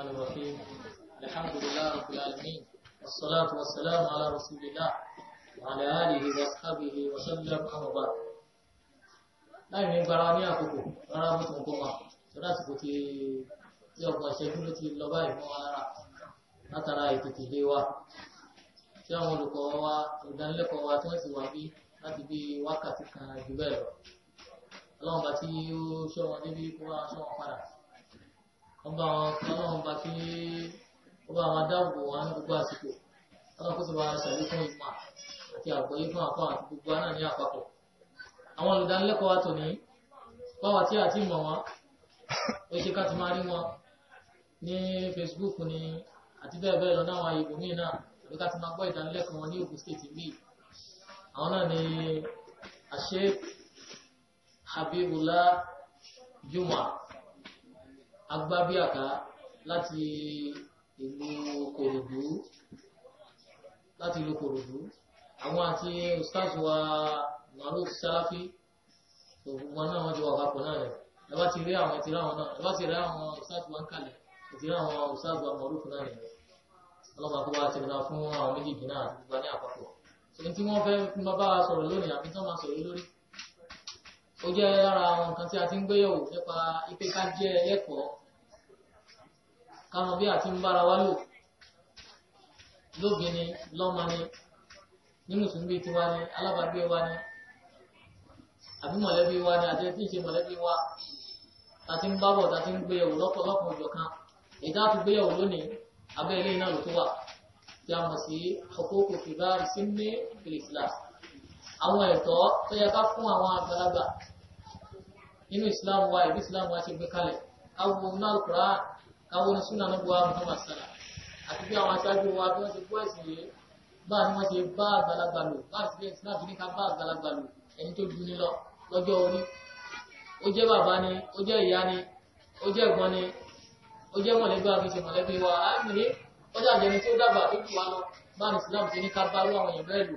الرحمن الرحيم الحمد لله رب العالمين والصلاة والسلام على رسول الله وعلى آله وأصحابه وسلم أما بعد láì ní gbara ní àkókò rárá bó tún kó ma tó láti kò ti tí ọgbọ̀n ìṣẹ́jú ló ti lọ báyìí mọ́ alára látara ìtètè lé wa tí àwọn olùkọ́ wa ìdánilẹ́kọ̀ọ́ wa tí wọ́n ti wà bí láti bí wákàtí kan jù bẹ́ẹ̀ lọ ọlọ́run bá tí ó ṣọ́ wọn débi kó wá ṣọ́ wọn padà ọba àwọn ọlọ́run bá kí ọba àwọn adáàbò wa ní gbogbo àsìkò ọlọ́run kó sì bá ṣàlẹ́ fún ìmọ̀ àti àgbọ́yé fún àpá àti gbogbo aná ní àpapọ̀ àwọn olùdánilẹ́kọ̀ọ́ wa tòní báwa tí àti ìmọ̀ wọn ó ṣe ká ti máa rí wọn ní Facebook ni àti bẹ́ẹ̀ bẹ́ẹ̀ lọ náwọn ayé ìbòmíì náà àbí ká ti máa gbọ́ ìdánilẹ́kọ̀ọ́ wọn ní Ogun State bíi àwọn náà ni àṣẹ Habibullah Juma agbábíàká láti ìlú kòròdú láti ìlú kòròdú àwọn àti ustaz wa maruf salafi ògbùnmọ́ náà wọ́n jọ wà papọ̀ náà rẹ̀ ẹ ti rí àwọn ti àwọn náà ẹ ti rí àwọn ustaz wa ń kalẹ̀ ẹ ti rí àwọn ustaz wa maruf náà rẹ̀ ọlọ́mọ àkọ́bá ti rìnà fún àwọn méjì náà gbogbo ní àpapọ̀ ṣe tí wọ́n fẹ́ bá wa sọ̀rọ̀ lónìí àbí tí wọ́n máa sọ̀rọ̀ lórí ó jẹ́ lára àwọn nǹkan tí a ti ń gbéyẹ̀wò nípa ipe ká jẹ́ ẹlẹ́kọ̀ọ́ káwọn bí àti ń bára wá lò lóbi ni lọ́mọ ni ní mùsùlùmí tiwa ni alábàágbé wa ni àbí mọ̀lẹ́bí wa ni àti tí ì ṣe mọ̀lẹ́bí wa ta ti ń bábọ̀ ta ti ń gbéyẹ̀wò lọ́pọ̀lọpọ̀ ọjọ́ kan ìdá tó gbéyẹ̀wò lónìí abẹ́ ilé náà ló tó wà tí a mọ̀ sí huququ kibar sinni fil islam àwọn ẹ̀tọ́ tó yẹ ká fún àwọn àgbàlagbà nínú islam wa ìlú islam wa ti gbé kalẹ̀ káwọn náà kúrá káwọn súnà náà buwa muhammad sallá àti bí àwọn aṣáájú wa bí wọ́n ti gbọ́ ẹ̀sìn yìí bá ni wọ́n ṣe bá àgbàlagbà lò bá àti bí islam ní ká bá àgbàlagbà lò ẹni tó ju ni lọ lọ́jọ́ orí ó jẹ́ bàbá ni ó jẹ́ ìyá ni ó jẹ́ ẹ̀gbọ́n ni ó jẹ́ mọ̀lẹ́bí àbí ṣe mọ̀lẹ́bí wa á nìyí ó dàbí ẹni tó dàgbà tó jù wá lọ bá ní islam ti ní ká bá lọ àwọn èèyàn bẹ́ẹ̀ lò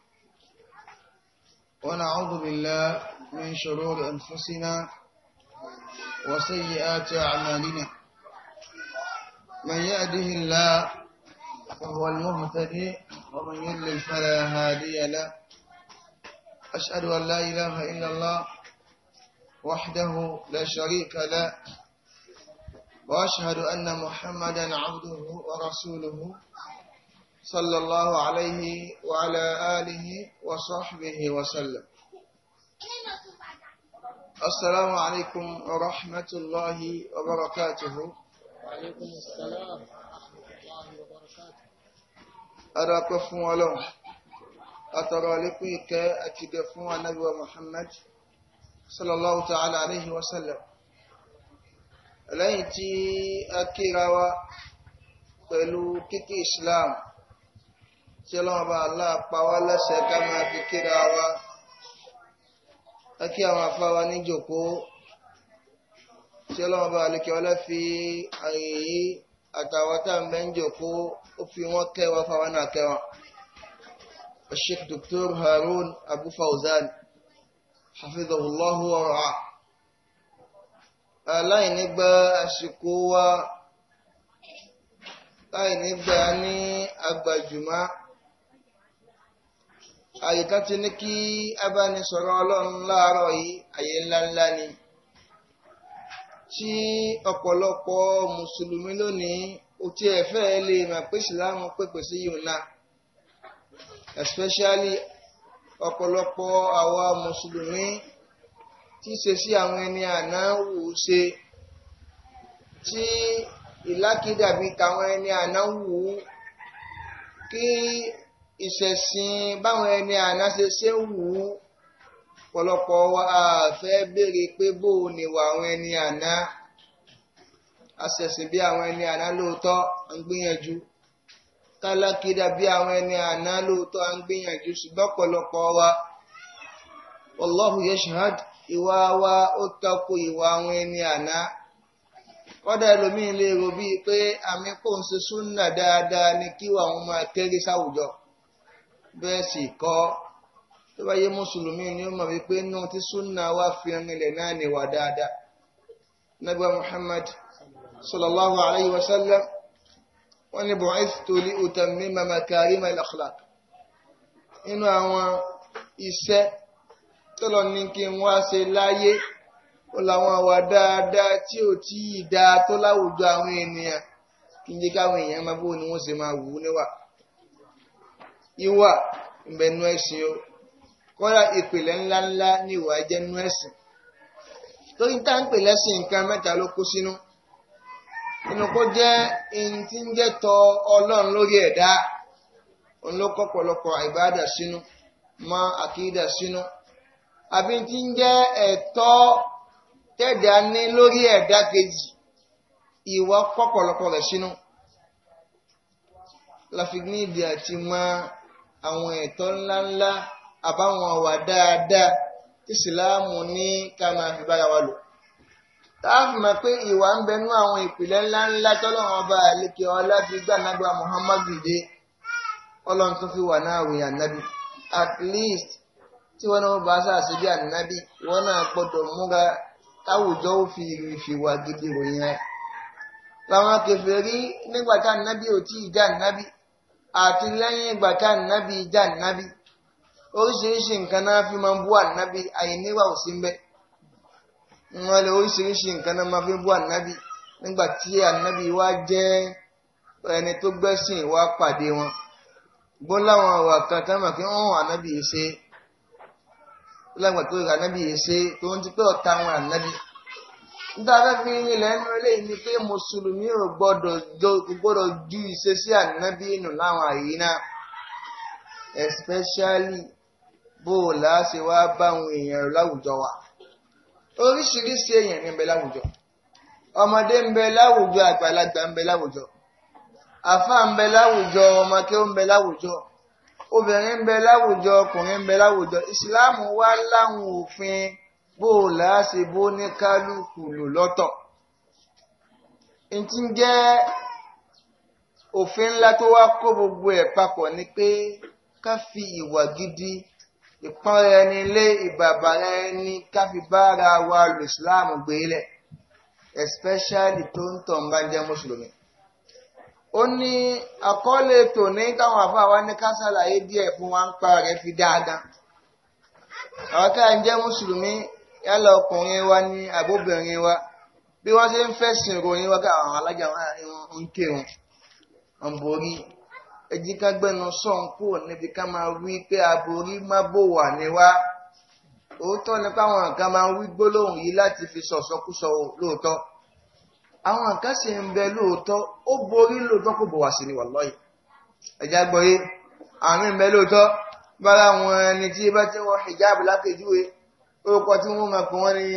ونعوذ بالله من شرور أنفسنا وسيئات أعمالنا من يهده الله فهو المهتدي ومن يضلل فلا هادي له أشهد أن لا إله إلا الله وحده لا شريك له وأشهد أن محمدا عبده ورسوله صلى الله عليه وعلى آله وصحبه وسلم السلام عليكم ورحمة الله وبركاته وعليكم السلام ورحمة الله وبركاته أراكم فون ولون أترى لكم إكاء أكيد فون محمد صلى الله تعالى عليه وسلم لأنتي أكيرا pẹ̀lú kíkí إسلام tí ọlọ́run bá Allah pa wá láṣẹ ká máa fi kíra wa kí àwọn afá wa níjòkó tí ọlọ́run bá àlekẹ́ ọlá fi àyè yìí àtàwọn tá à ń bẹ́ ń jòkó ó fi wọ́n kẹ́ wa fáwọn náà kẹ́ wọn. Sheikh Dr. Harun Abu Fawzan hafidhahullahu wa ra'ah aláìní gba àsìkò wa láìní gba ní àgbàjùmá àyè tán ti ní kí abánisọ̀rọ̀ ọlọ́run láàárọ̀ yìí àyè ńláńlá ni tí ọ̀pọ̀lọpọ̀ mùsùlùmí lónìí ó ti ẹ̀ fẹ́ lè mọ̀ pé ìsìláàmù pèpè sí yòóná especially ọ̀pọ̀lọpọ̀ àwa mùsùlùmí tí ṣe sí àwọn ẹni àná wù ú ṣe tí ìlákìdàbí tàwọn ẹni àná wù ú kí ìṣẹ̀sìn báwọn ẹni àná ṣe ṣe ń wù ú pọ̀lọpọ̀ wa a fẹ́ béèrè pé bó o níwà àwọn ẹni àná aṣẹ̀sìn bí àwọn ẹni àná lóòótọ́ ń gbìyànjú kálákìdá bí àwọn ẹni àná lóòótọ́ ń gbìyànjú ṣùgbọ́n pọ̀lọpọ̀ wa wallahu yashhad ìwà wa ó tako ìwà àwọn ẹni àná kọ́dà ẹlòmíín lè rò bíi pé àmì kò ń ṣe súnà dáadáa ni kíwà àwọn máa kéré sáwùjọ. bẹ́ẹ̀ sì kọ́ tó bá yé mùsùlùmí ni ó mọ̀ wípé inú tí súnà wá fi rinlẹ̀ náà ni wà dáadáa nàbí muhammad sallallahu alayhi wa sallam wọ́n ní bu'ithtu li utammima makarima al-akhlaq inú àwọn iṣẹ́ tọ́lọ̀ ní kí n wá ṣe láyé ó làwọn àwà dáadáa tí ò tí ì dáa tó láwùjọ àwọn ènìyàn kí n jẹ́ káwọn èèyàn máa bó ni wọ́n ṣe máa wù ú níwà ìwà ìbẹ̀nu ẹ̀sìn o kọ́ra ìpìlẹ̀ ńláńlá ní ìwà jẹ́ nú ẹ̀sìn torí tá ń pè lẹ́sìn nǹkan mẹ́ta ló kó sínú inú kó jẹ́ ihun tí ń jẹ́ tọ ọlọ́run lórí ẹ̀dá òun ló kọ́ pọ̀lọpọ̀ àìbáàdà sínú mọ àkìdà sínú àbí tí ń jẹ́ ẹ̀tọ́ tẹ̀dá ní lórí ẹ̀dá kejì ìwà kọ́ pọ̀lọpọ̀ rẹ̀ sínú la ní ìdí àti máa àwọn ẹ̀tọ́ ńláńlá àbáwọn àwà dáadáa ìsìláàmù ní ká máa fi bára wa lò táàfù mọ̀ pé ìwà ń bẹnú àwọn ìpìlẹ̀ ńláńlá tọ́lọ́run ọba àlékè ọlá fi gbà nágbà Muhammadu dé ọlọ́run tó fi wà náà ròyìn ànábì at least tí wọ́n náà bá sàṣẹ bí ànábì wọ́n náà gbọ́dọ̀ múra táwùjọ ó fi ìfìwà gidi ròyìn rẹ̀ làwọn kèfèrí nígbà tá ànábì ò tí ì dá ànábì àti lẹ́yìn ìgbà tá ànábì já ànábì oríṣiríṣi nǹkan náà fi máa ń bú ànábì àìníwà ò sí ń bẹ wọn lè oríṣiríṣi nǹkan náà máa fi bú ànábì nígbà tí ànábì wá jẹ́ ẹni tó gbẹ́sìn wá pàdé wọn gbọ́n láwọn ọ̀rọ̀ kan tá màá fi hàn ànábì yìí ṣe níta fẹ́ fi ní ilẹ̀ nínú ilé yìí ni pé mùsùlùmí ò gbọ́dọ̀ ju ìṣesí ànábì nù láwọn àyè náà especially bó o là á ṣe wá bá àwọn èèyàn láwùjọ wa oríṣiríṣi èèyàn ní ń bẹ láwùjọ ọmọdé ń bẹ láwùjọ àgbàlagbà ń bẹ láwùjọ àfa ń bẹ láwùjọ ọmọké ń bẹ láwùjọ obìnrin ń bẹ láwùjọ ọkùnrin ń bẹ láwùjọ ìsìláàmù wá láwọn òfin bó o láṣẹ bó ní kálukú lò lọ́tọ̀ n ti jẹ́ òfin ńlá tó wá kó gbogbo ẹ̀ papọ̀ ni pé ká fi ìwà gidi ìpọ́nra ẹni lé ìbàbàrà ẹni ká fi bára wa lò ìsìláàmù gbélẹ̀ especially tó ń tàn bá jẹ́ mùsùlùmí. ó ní àkọọ́lẹ̀ tòní káwọn àfa wa ní ká ṣàlàyé díẹ̀ fún wa ń pa rẹ̀ fi dáadáa. àwọn ká ń jẹ́ mùsùlùmí yálà ọkùnrin wa ní àbóbìnrin wa bí wọ́n ṣe ń fẹ̀sìn ìròyìn wa ká àwọn alájà wọn ń kírun ọ̀nbọ̀rí ejíkágbẹ́nu sọ̀n kúrò níbi ká máa wí pé aborí má bò wà ní wá òótọ́ ni pé àwọn nǹkan máa ń wí gbólóhùn yìí láti fi sọ̀sọ́kúsọ lóòótọ́ àwọn nǹkan sì ń bẹ lóòótọ́ ó borí lóòótọ́ kò bò wá sí ni wàlọ́yìí ẹ̀já gbọ́ yé àmì ń bẹ lóòótọ́ bára àwọn ẹni tí bá ti wọ hijab lápèjúwe orúkọ tí wọ́n máa pè wọ́n ní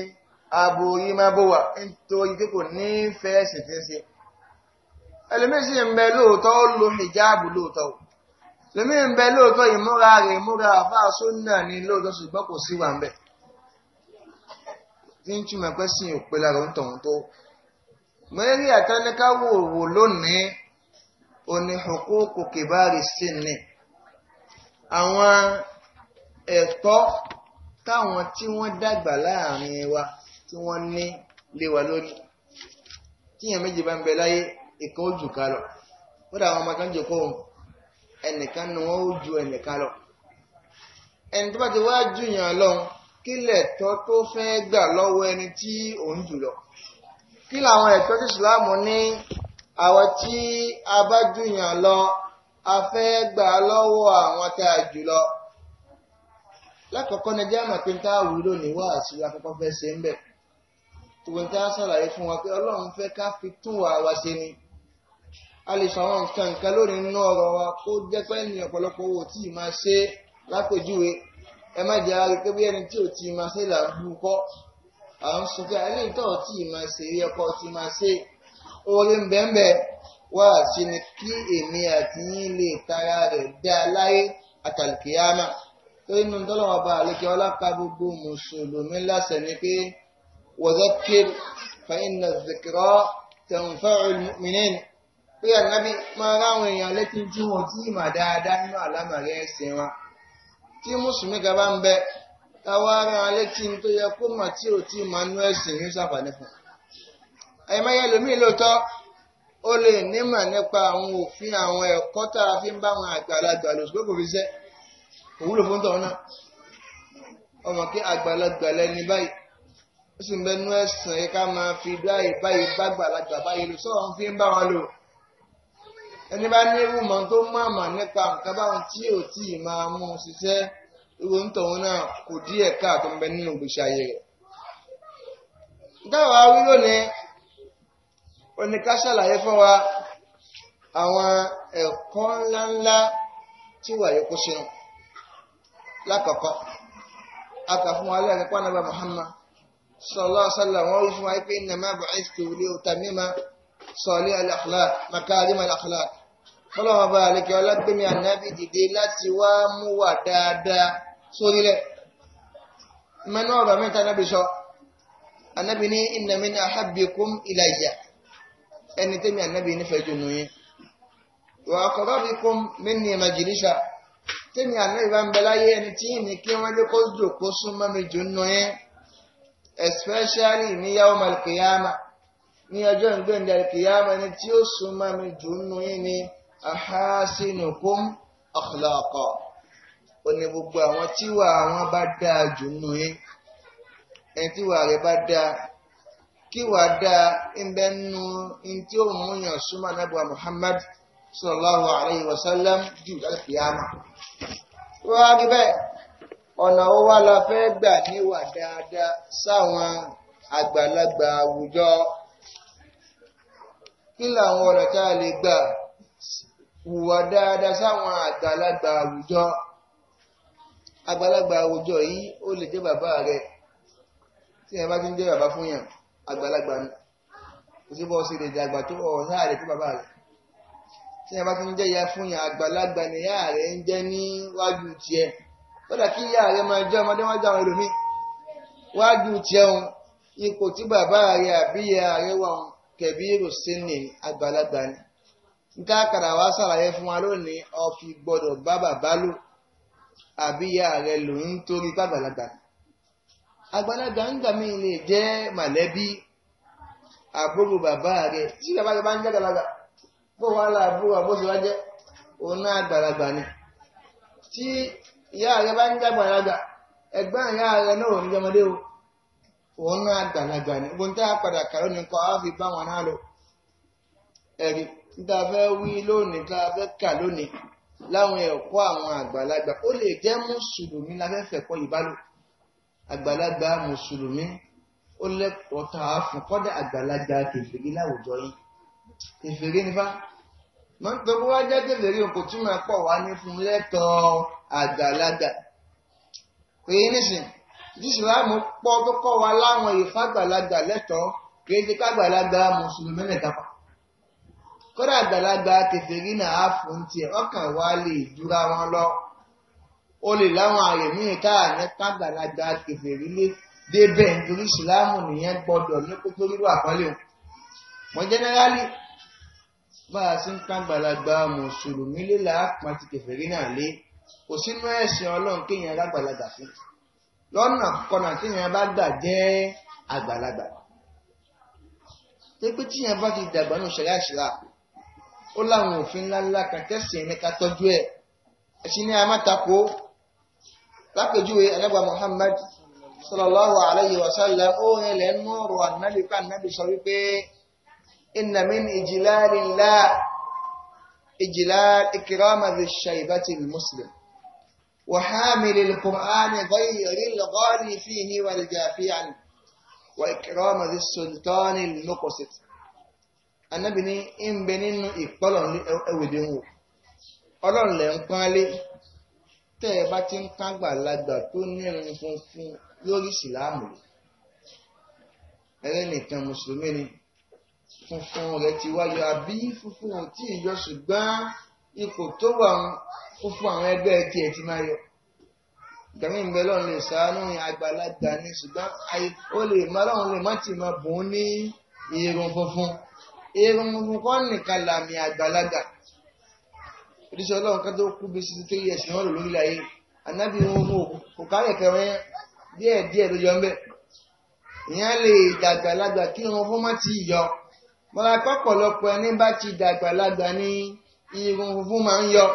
aborí máa bó wà nítorí pé kò ní fẹ́ ẹ̀sìn tí ń ṣe ẹlòmíì sì ń bẹ lóòótọ́ ó lo hijabu lóòótọ́ lòmíì ń bẹ lóòótọ́ ìmúra rẹ̀ ìmúra àfáà sónà ní lóòótọ́ ṣùgbọ́n kò sí wà ń bẹ̀ tí ń túmọ̀ pé sí òpè lára ń tọ̀hún tó mẹ́rí àtẹnikáwò wò lónìí oní huququ kìbárì sí ni àwọn ẹ̀tọ́ táwọn tí wọ́n dàgbà láàrin wa tí wọ́n ní lé wa lórí tíyàn méjì bá ń bẹ láyé ìkan ó jù ká lọ kódà àwọn ọmọ kan jò kóhun ẹnìkan ni wọ́n ó ju ẹnìkan lọ ẹni tó bá ti wá jùyàn lọ́hun kí lẹ̀tọ́ tó fẹ́ gbà lọ́wọ́ ẹni tí òun jù lọ kí làwọn ẹ̀tọ́ tí ìsìláàmù ní àwọn tí a bá jùyàn lọ a fẹ́ gbà lọ́wọ́ àwọn tá a jù lọ lákọ̀ọ́kọ́ ni jẹ́ àmọ̀ pé ń tá àwùrí lónìí wá àṣírí akọ́kọ́ fẹ́ ṣe ń bẹ̀ tòwé ń tá ṣàlàyé fún wa pé ọlọ́run fẹ́ ká fi tún wa wa ṣe ni a lè sọ àwọn nǹkan nǹkan lónìí nínú ọ̀rọ̀ wa kó jẹ́ pé ní ọ̀pọ̀lọpọ̀ owó tí ì máa ṣe lápèjúwe ẹ má jẹ́ ara pé bí ẹni tí ò ti máa ṣe là ń bú kọ́ à ń sọ pé ẹni tó ò tí ì ṣe rí ọkọ ti máa ṣe oore ń wá sí ni kí èmi àti yín lè tara rẹ̀ dá láyé àtàlùkìyámà pé inú tọ́lọ́wọ́ bá àlékè ọlápá gbogbo mùsùlùmí láṣẹ ni pé wazakir fa inna zikra tanfa'ul mu'minin pé ànábì máa ráwọn èèyàn létí tí wọn tí ìmọ̀ dáadáa nínú àlámọ̀rẹ́ ẹ̀sìn wa tí mùsùlùmí kan bá ń bẹ táwa ara létí tó yẹ kó mà tí ò tí mà nú ẹ̀sìn ní sàfàní fún àìmọye lòmíì lóòótọ́ ó lè nímọ̀ nípa àwọn òfin àwọn ẹ̀kọ́ tá fi ń bá àwọn àgbàlagbà lòsùn òwúlò fún tọ̀ náà ọmọ kí àgbàlagbà lẹni báyìí ó sì ń bẹnu ẹ̀sìn yìí ká máa fi dáì báyìí bá gbàlagbà báyìí lò sọ̀rọ̀ fi ń bá wọn lò ẹni bá ní ewu mọ̀ tó mọ̀ àmà nípa nǹkan báwọn tí ò tí ì máa mú un ṣiṣẹ́ ìwò ń tọ̀hún náà kò díẹ̀ káàtó ń bẹ nínú ìgbésí ayé rẹ̀. dáwà wí lónìí oníká ṣàlàyé fún wa àwọn ẹ̀kọ́ ńláńlá tí wàá yẹ kó ṣe hàn lákọ̀ọ́kọ́ aka fún wa lẹ́yìn nípa nàbà Muhammad sallallahu alaihi wasallam wọ́n wí fún wa pé innama bu'ithtu li utammima salih al-akhlaq makarim al-akhlaq fọlọ́wọ́n bá àlekẹ́ ọlọ́gbẹ́mi ànábì dìde láti wá mú wà dáadáa sórílẹ̀ mẹ́nu ọ̀rọ̀ mẹ́ta ànábì sọ ànábì ní inna min ahabbikum ilayya ẹni tẹ́mi ànábì nífẹ̀ẹ́ jù nù yẹn wa aqrabikum tẹ́mi àná ìbá ń bẹ láyé ẹni tí yìí ní kí wọ́n lé kó jòkó súnmọ́ mi jù nù yẹn especially ní yawm al-qiyama ní ọjọ́ ìgbéǹde al-qiyama ẹni tí ó súnmọ́ mi jù nù yẹn ni ahasinukum akhlaqa ó ní gbogbo àwọn tíwà àwọn bá dáa jù nù yẹn ẹni tíwà rẹ̀ bá dáa kíwà dáa ń bẹ nù ní tí ó mú yàn súnmọ́ anábọ̀ Muhammad sallallahu alayhi wa sallam jù láti yáma. Wọ́n á rí bẹ́ẹ̀, ọ̀nà wo wá la fẹ́ gbà níwà dáadáa sáwọn àgbàlagbà àwùjọ. Kí làwọn ọ̀nà tá a lè gbà wùwà dáadáa sáwọn àgbàlagbà àwùjọ? Àgbàlagbà àwùjọ yìí ó lè jẹ́ bàbá rẹ̀ tí ẹ bá ti ń jẹ́ bàbá fún yàn àgbàlagbà ni. Kò sí bọ́ sí lè dàgbà tó ọ̀ sáà lè tó bàbá rẹ̀. tí yẹn bá ti ń jẹ́ fún yàn àgbàlagbà ni ìyá rẹ̀ ń jẹ́ níwájú tiẹ̀ kí máa ọmọdé wájú àwọn wájú òun ipò àbí wà òun kẹ̀bí rosini àgbàlagbà ni nǹkan àkàrà wa sàlàyé fún wa lónìí gbọ́dọ̀ bá bàbá lò àbí rẹ̀ lò torí pàgbàlagbà àgbàlagbà ń gbà mí lè jẹ́ màlẹ́bí àbúrò bàbá tí bàbá bá bó wàá là àbúrò àbóso wá jẹ́ òun náà àgbàlagbà ni tí ìyá rẹ bá ń jàgbàlagbà ẹ̀gbọ́n ìyá rẹ náà ò ní jọmọdé o òun náà àgbàlagbà ni gbogbo níta padà kàró ní kọ́ á fi bá wọn náà lọ ẹ̀rí níta fẹ́ wí lónìí níta fẹ́ kà lónìí láwọn ẹ̀kọ́ àwọn àgbàlagbà ó lè jẹ́ mùsùlùmí láfẹ́fẹ́ kọ́ ìbálò àgbàlagbà mùsùlùmí ó lẹ́kọ̀ọ́ tá a àgbàlagbà kèfèrí láwùjọ yìí èfèrè nífà gbogbo wa jẹ́ kèfèrí o kò túmọ̀ pọ̀ wá ní fún lẹ́tọ̀ọ́ àgbàlagbà pé nísìn ìsìláàmù pọ̀ tó kọ́ wa láwọn ìfàgbàlagbà lẹ́tọ̀ọ́ kì í ti kágbàlagbà mùsùlùmí nìkan pa kódà àgbàlagbà kèfèrí náà á fún tiẹ̀ ọkàn wa lè dúra wọn lọ o lè láwọn àyè míì tá à ní kágbàlagbà kèfèrí lé débẹ̀ nítorí ìsìláàmù nìyẹn gbọdọ̀ ní kótó rírú àkọlé o mọ jẹ́nẹ́rálì bá a sì ń pa àgbàlagbà mùsùlùmí lé làápọn ti kèfèrí náà lé kò sínú ẹ̀sìn ọlọ́run kéèyàn lágbàlagbà fún lọ́nà kọ́nà téèyàn bá gbà jẹ́ àgbàlagbà pé tíyàn bá ti dàgbà ní òṣèré àṣìlá ó láwọn òfin ńláńlá kan tẹ̀sìn ẹni ká tọ́jú ẹ̀ ẹ̀sìn ní amátako lápèjúwe ẹlẹ́gbà Muhammad sallallahu alayhi wa sallam ó rìnlẹ̀ ń mú ọ̀rọ̀ ànábì wípé إن من إجلال الله إجلال إكرام ذي الشيبة المسلم وحامل القرآن غير الغالي فيه والجافي عنه وإكرام ذي السلطان المقسط Ànábì ní ń bẹ nínú ìpọ́lọ̀ ẹwìdín wò ọlọ́run lẹ̀ ń pánlé tẹ́ ẹ bá ti ń kágbà lágbà tó nírun funfun lórí ìsìláàmù ẹlẹ́nìkan mùsùlùmí ni funfun rẹ̀ ti wáyọ àbí funfun ò tí ì yọ ṣùgbọ́n ipò tó wà funfun àwọn ẹgbẹ́ tiẹ̀ ti máa yọ gbẹ̀mí ìgbẹ́ lọ́run lè sàánú àgbàlagbà ni ṣùgbọ́n ó lè má lọ́run lè má ti máa bùn ní irun funfun irun funfun kọ́ nìkan làmì àgbàlagbà oríṣi ọlọ́run kan tó kú bí sixty three years ni lò lórí ayé anábì irun kò káyọ̀ kẹrin díẹ̀ ló yọ ń bẹ̀ ìyẹn lè dàgbàlagbà kí irun fún má ti yọ mọ́ra pọ́pọ̀lọpọ̀ ẹni bá ti dàgbà lágbà ní irun funfun máa ń yọ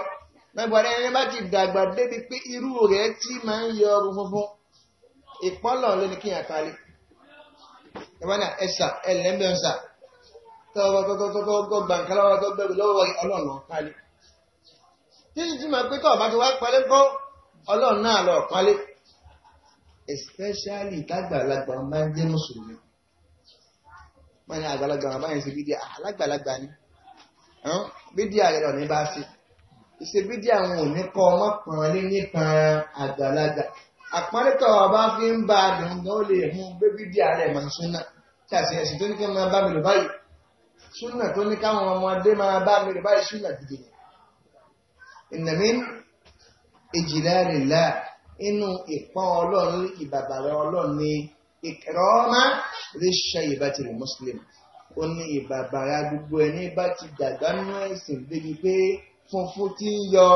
lágbàdá ẹni bá ti dàgbà débi pé irú rẹ̀ tí máa ń yọ irun funfun ìpọ́lọ̀ ló ní kí yàn parí ìwọ́nà ẹ̀sà ẹ̀lẹ́mẹ̀ọ́sà tọ́wọ́ kọ́kọ́kọ́kọ́ gbàǹkálọ́wọ́ tó bẹ̀rù lọ́wọ́ ọlọ́run parí títí tí màá pé tọ́ ọ̀bá ti wá parí kọ́ ọlọ́run náà lọ parí especially tágbàlagbà máa ń jẹ́ mùsùlùmí wọ́n ní àgbàlagbà wọn báyìí ṣe bídíà ah, alágbàlagbà ni bídíà rẹ̀ ọ̀ ní bá ṣe ìṣe bídíà wọn ò ní kọ́ ọmọ pọ̀n lé nípan àgbàlagbà àpọ́nlẹ́tọ̀ ọba fi ń bá a dùn gan ó lè mú gbé bídíà rẹ̀ mọ̀ súnà tí àti ẹ̀sìn tó ní kí wọ́n bá mi lò báyìí súnà tó ní káwọn ọmọdé máa bá mi lò báyìí súnà gidi ni ìnàmí ìjìlá rẹ̀ inú ìpọ́n ọlọ́run ìbàbàrà ọlọ́run ni ìkìrọ́mà lè ṣe ìbátìrì mùsùlùmí ó ní ìbàbàrà gbogbo ẹni bá ti dàgbà nínú ẹ̀sìn débi pé funfun ti ń yọ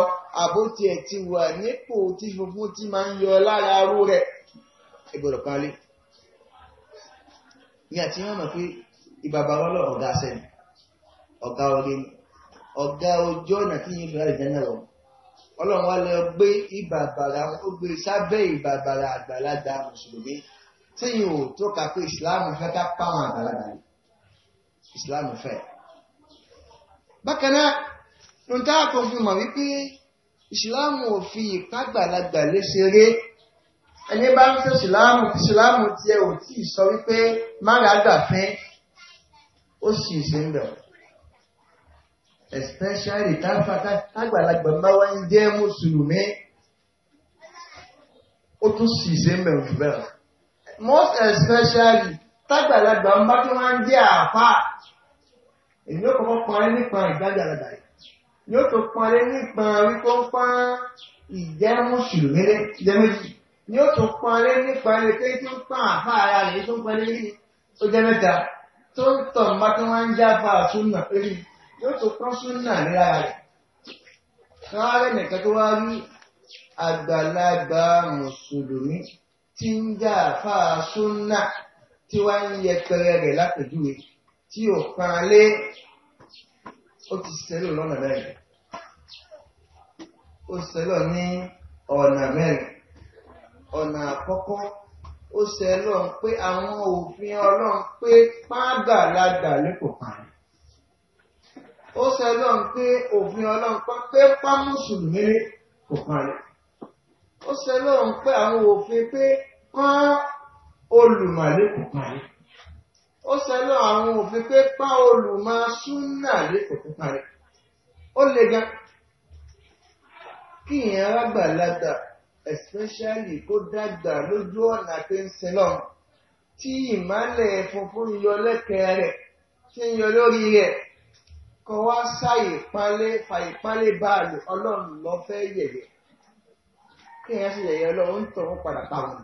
àbótí ẹ̀ ti wà nípò tí funfun ti máa ń yọ lára aró rẹ̀ ìgbọ̀dọ̀ parí. ní àti wọn mọ̀ pé ìbàbàrà ọlọ́run ọ̀gá sẹ́yìn ọ̀gá orí ni ọ̀gá ojú ọ̀nà tí yín fẹ́ràn ìjẹ́ náà lọ. ọlọ́run wa lọ gbé ìbàbàrà ó gbé e sábẹ́ ìbàbàrà àgbàlagbà mùsùlùmí tí yóò tó kà pé ìsìláàmù fẹ́ ká páwọn àgbàlagbà yìí ìsìláàmù fẹ́. bákan náà ló ń tá àpò fi mọ̀ wípé ìsìláàmù ò fi ìpágbàlagbà léṣeré ẹni bá ń fẹ́ ìsìláàmù tí tiẹ̀ ò tí ì sọ wípé márààgbà fín ó sì ṣe ń bẹ̀rù especially táfàtà tágbàlagbà bá wá ń jẹ́ mùsùlùmí ó tún sì ṣe ń bẹ̀rù jù most especially tágbàlagbà ń bá kí wọ́n ń jẹ́ àpá èmi ó kọ́kọ́ pọn nípa ìgbàgbàlagbà yìí yóò tó pọn nípa wípé ó ń pọn ìjẹ́ mùsùlùmí jẹ́ méjì yóò tó pọn nípa ẹni tó ń pọn àpá ara rẹ̀ tó ń pọn lórí ó jẹ́ mẹ́ta tó ń tọ̀ ń bá kí wọ́n ń jẹ́ àpá súnà lórí yóò tó pọn súnà níra rẹ̀ káwá nìkan tó wá rí àgbàlagbà mùsùlùmí tí ń já àfáà súnà tí wá ń yẹpẹrẹ rẹ̀ lápèjúwe tí ò pan lé ó ti ṣẹlẹ̀ lọ́nà mẹ́rin ó ṣẹlẹ̀ ní ọ̀nà mẹ́rin ọ̀nà àkọ́kọ́ ó ṣẹlẹ̀ pé àwọn òfin ọlọ́run pé pàgbàlagbà lẹ́kọ̀ọ́ kan ó ṣẹlẹ̀ pé òfin ọlọ́run pé pàmùsùlùmí kò kan lẹ́kọ̀ọ́ ó ṣe lọ́rùn pé àwọn òfin pé pọ́n olùmọ̀lẹ́kùn parí ó ṣe lọ́rùn àwọn òfin pé pọ́n olùmọ̀ súnà lẹ́kùn parí ó le gan kí ìyẹn alágbàlagbà especially kó dàgbà lójú ọ̀nà pé ń sin lọ́run tí ìmálẹ̀ funfun yọ lẹ́kẹ̀ẹ́ rẹ̀ tí ń yọ lórí rẹ̀ kọ́ wá sáyè pálé fàyè pálé báàlù ọlọ́run lọ́ fẹ́ yẹ̀yẹ̀ kí ẹ ṣe yẹyẹ lọ́wọ́ ń tọ̀wọ́ padà táwọn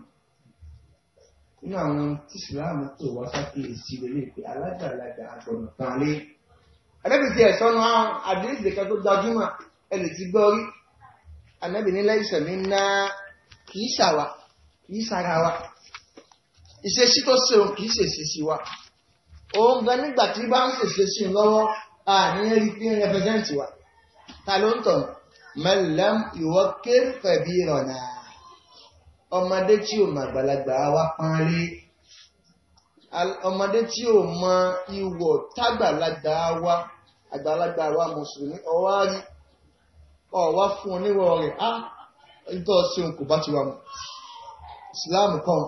nínú àwọn tí ìsìláàmù tó wá sákèésí lélẹ̀ pé alágbàlagbà àgbọ̀nà tán lé anábìtì ẹ̀ sọ́nu àwọn àdéhùn ìdèkà tó gbajúmọ̀ ẹnì ti gbọ́ rí anábì nílẹ̀ ìsẹ̀mí ná kìí ṣàwà kìí ṣara wa ìṣesí tó ṣeun kìí ṣèṣe sí wa òun gan nígbà tí bá ń ṣèṣe sí lọ́wọ́ àní rí pé ń rẹpẹsẹ́ǹtì wa ta ló ń tọ̀nà mẹ́lẹ́m ìwọ́kẹ́ fẹ̀bí rọ̀nà ọmọdé tí ò mọ àgbàlagbà wa pọ́n rí ọmọdé tí ò mọ ìwọ̀ tágbàlagbà wa àgbàlagbà wa mùsùlùmí ọwá rí ọwá fún oníwọ̀ rẹ̀ á ìtọ́ sí òun kò bá ti wà mọ́ ìsìláàmù kan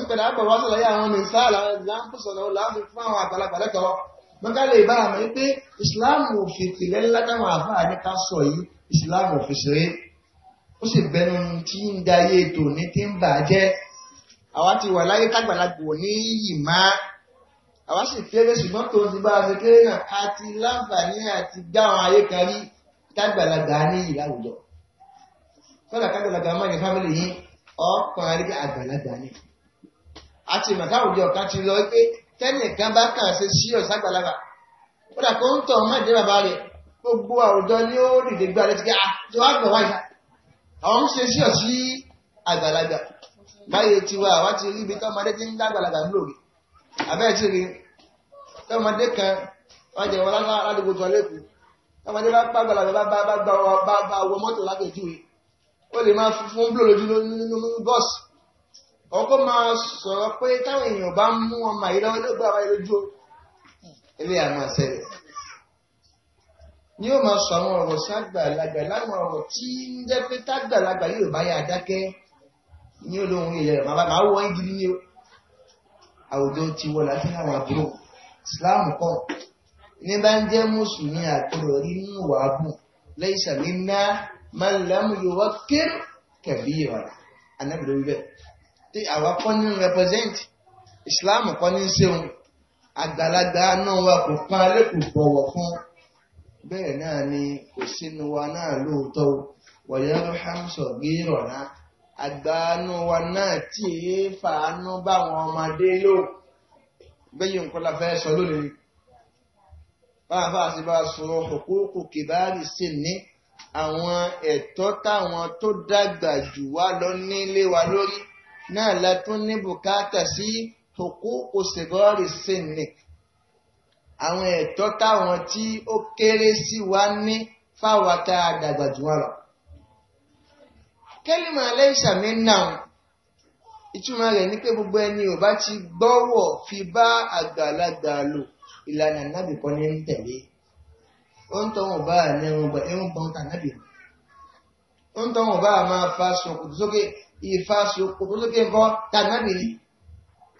ń pẹ̀lú àbọ̀ wá yà àwọn ọmọ ìsáàlà láńpù sọ̀rọ̀ láńpù fún àwọn àgbàlagbà lẹ́kọ̀ọ́ mọ́kálẹ̀ ìbára mọ́ pé ìsìláàmù òfin tìlẹ́ńlá táwọn àfáà ní ká sọ yìí islam fi ṣeré ó sì bẹnu tí ń da ayé ètò ní tí ń bà á jẹ́ àwa ti wà láyé kágbàlagbò ní yìmá àwa sì kéré ṣùgbọ́n tòun ti bá a ṣe kéré náà a ti láǹfààní àti gbá àwọn ayé kan rí kágbàlagbà ní ìlàwùjọ kọ́dà kágbàlagbà máa ní fámìlì yín ọkùnrin àríkà àgbàlagbà ni àti màkà àwùjọ kan ti lọ pé tẹ́nìkan bá kàn ṣe sí ọ̀sàgbàlagbà kọ́dà kó ń tọ̀ ọ́ má bàbá rẹ̀ gbogbo àwùjọ ni ó dìde gbé alẹ́ ti gbé àjọwà gbọ̀ wáyà àwọn ń ṣe sí ọ̀ sí àgbàlagbà báyìí tiwa àwa ti rí ibi tọ́mọdé ti ń dá àgbàlagbà ń lòrì àbẹ́ẹ̀ ti rí tọ́mọdé kan wọ́n jẹ́ wọn ládùúgbò kan lẹ́kùn tọ́mọdé bá pa àgbàlagbà bá bá bá bá bá wọ mọ́tò lápẹ̀júwe ó lè máa fún bló lójú nínú bọ́ọ̀sì ọkọ máa sọ̀rọ̀ pé táwọn èèyàn bá mú ọmọ àyílọ́wọ́ lọ́gbà wáyé lójú ilé àmọ́ àṣẹ rẹ̀ ni ó máa sọ àwọn ọ̀rọ̀ ságbàlagbà láwọn ọ̀rọ̀ tí ń jẹ́ pé tágbàlagbà yóò bá yà dákẹ́ ní olóhun ilẹ̀ rẹ̀ bàbá máa wọ́ ìgiri ní àwùjọ ti wọ láti àwọn àbúrò Islam kọ́ ní bá ń jẹ́ mùsùlùmí àtúrọ̀ rí nínú wàábù lẹ́yìnsà ní ná máa lámù yòówá kéré kẹ̀bí ìrọ̀lá anábìlẹ̀ wíbẹ̀ tí àwa kọ́ ní represent Islam kọ́ ní sẹ́wọ̀n àgbàlagbà náà wà kò pọ́n alẹ́ bọ̀wọ̀ fún bẹ́ẹ̀ náà ni kò sínú wa náà lóòótọ́ wọ̀yẹ́ hamsọ̀ gírọ̀nà àgbàánú wa náà tí èé fàánú báwọn ọmọdé lò bẹ́yìn nǹkan la fẹ́ sọ lónìí báwa bá a bá a sọ òkúrúkú kìbáàrì sí ní àwọn ẹ̀tọ́ táwọn tó dàgbà jù wá lọ nílé wa lórí náà la tún ní bùkátà sí òkúrúkú sìgọ́rì sí ní àwọn ẹ̀tọ́ táwọn tí ó kéré sí wa ní fáwa tá a dàgbà jù wọn lọ. kẹ́límà aláìsà mi ìtumọ̀ rẹ̀ ni pé gbogbo ẹni ò bá ti gbọ́wọ̀ fi bá àgbàlagbà lò ìlànà nábì kan ní ń tẹ̀lé ó ń tọ́wọ̀n bá àní ẹ̀rùn gbà ẹ̀rùn tà nábì ó ń tọ́wọ̀n bá àmà fa sòkòtò sókè ìfa sòkòtò sókè ń tà nábì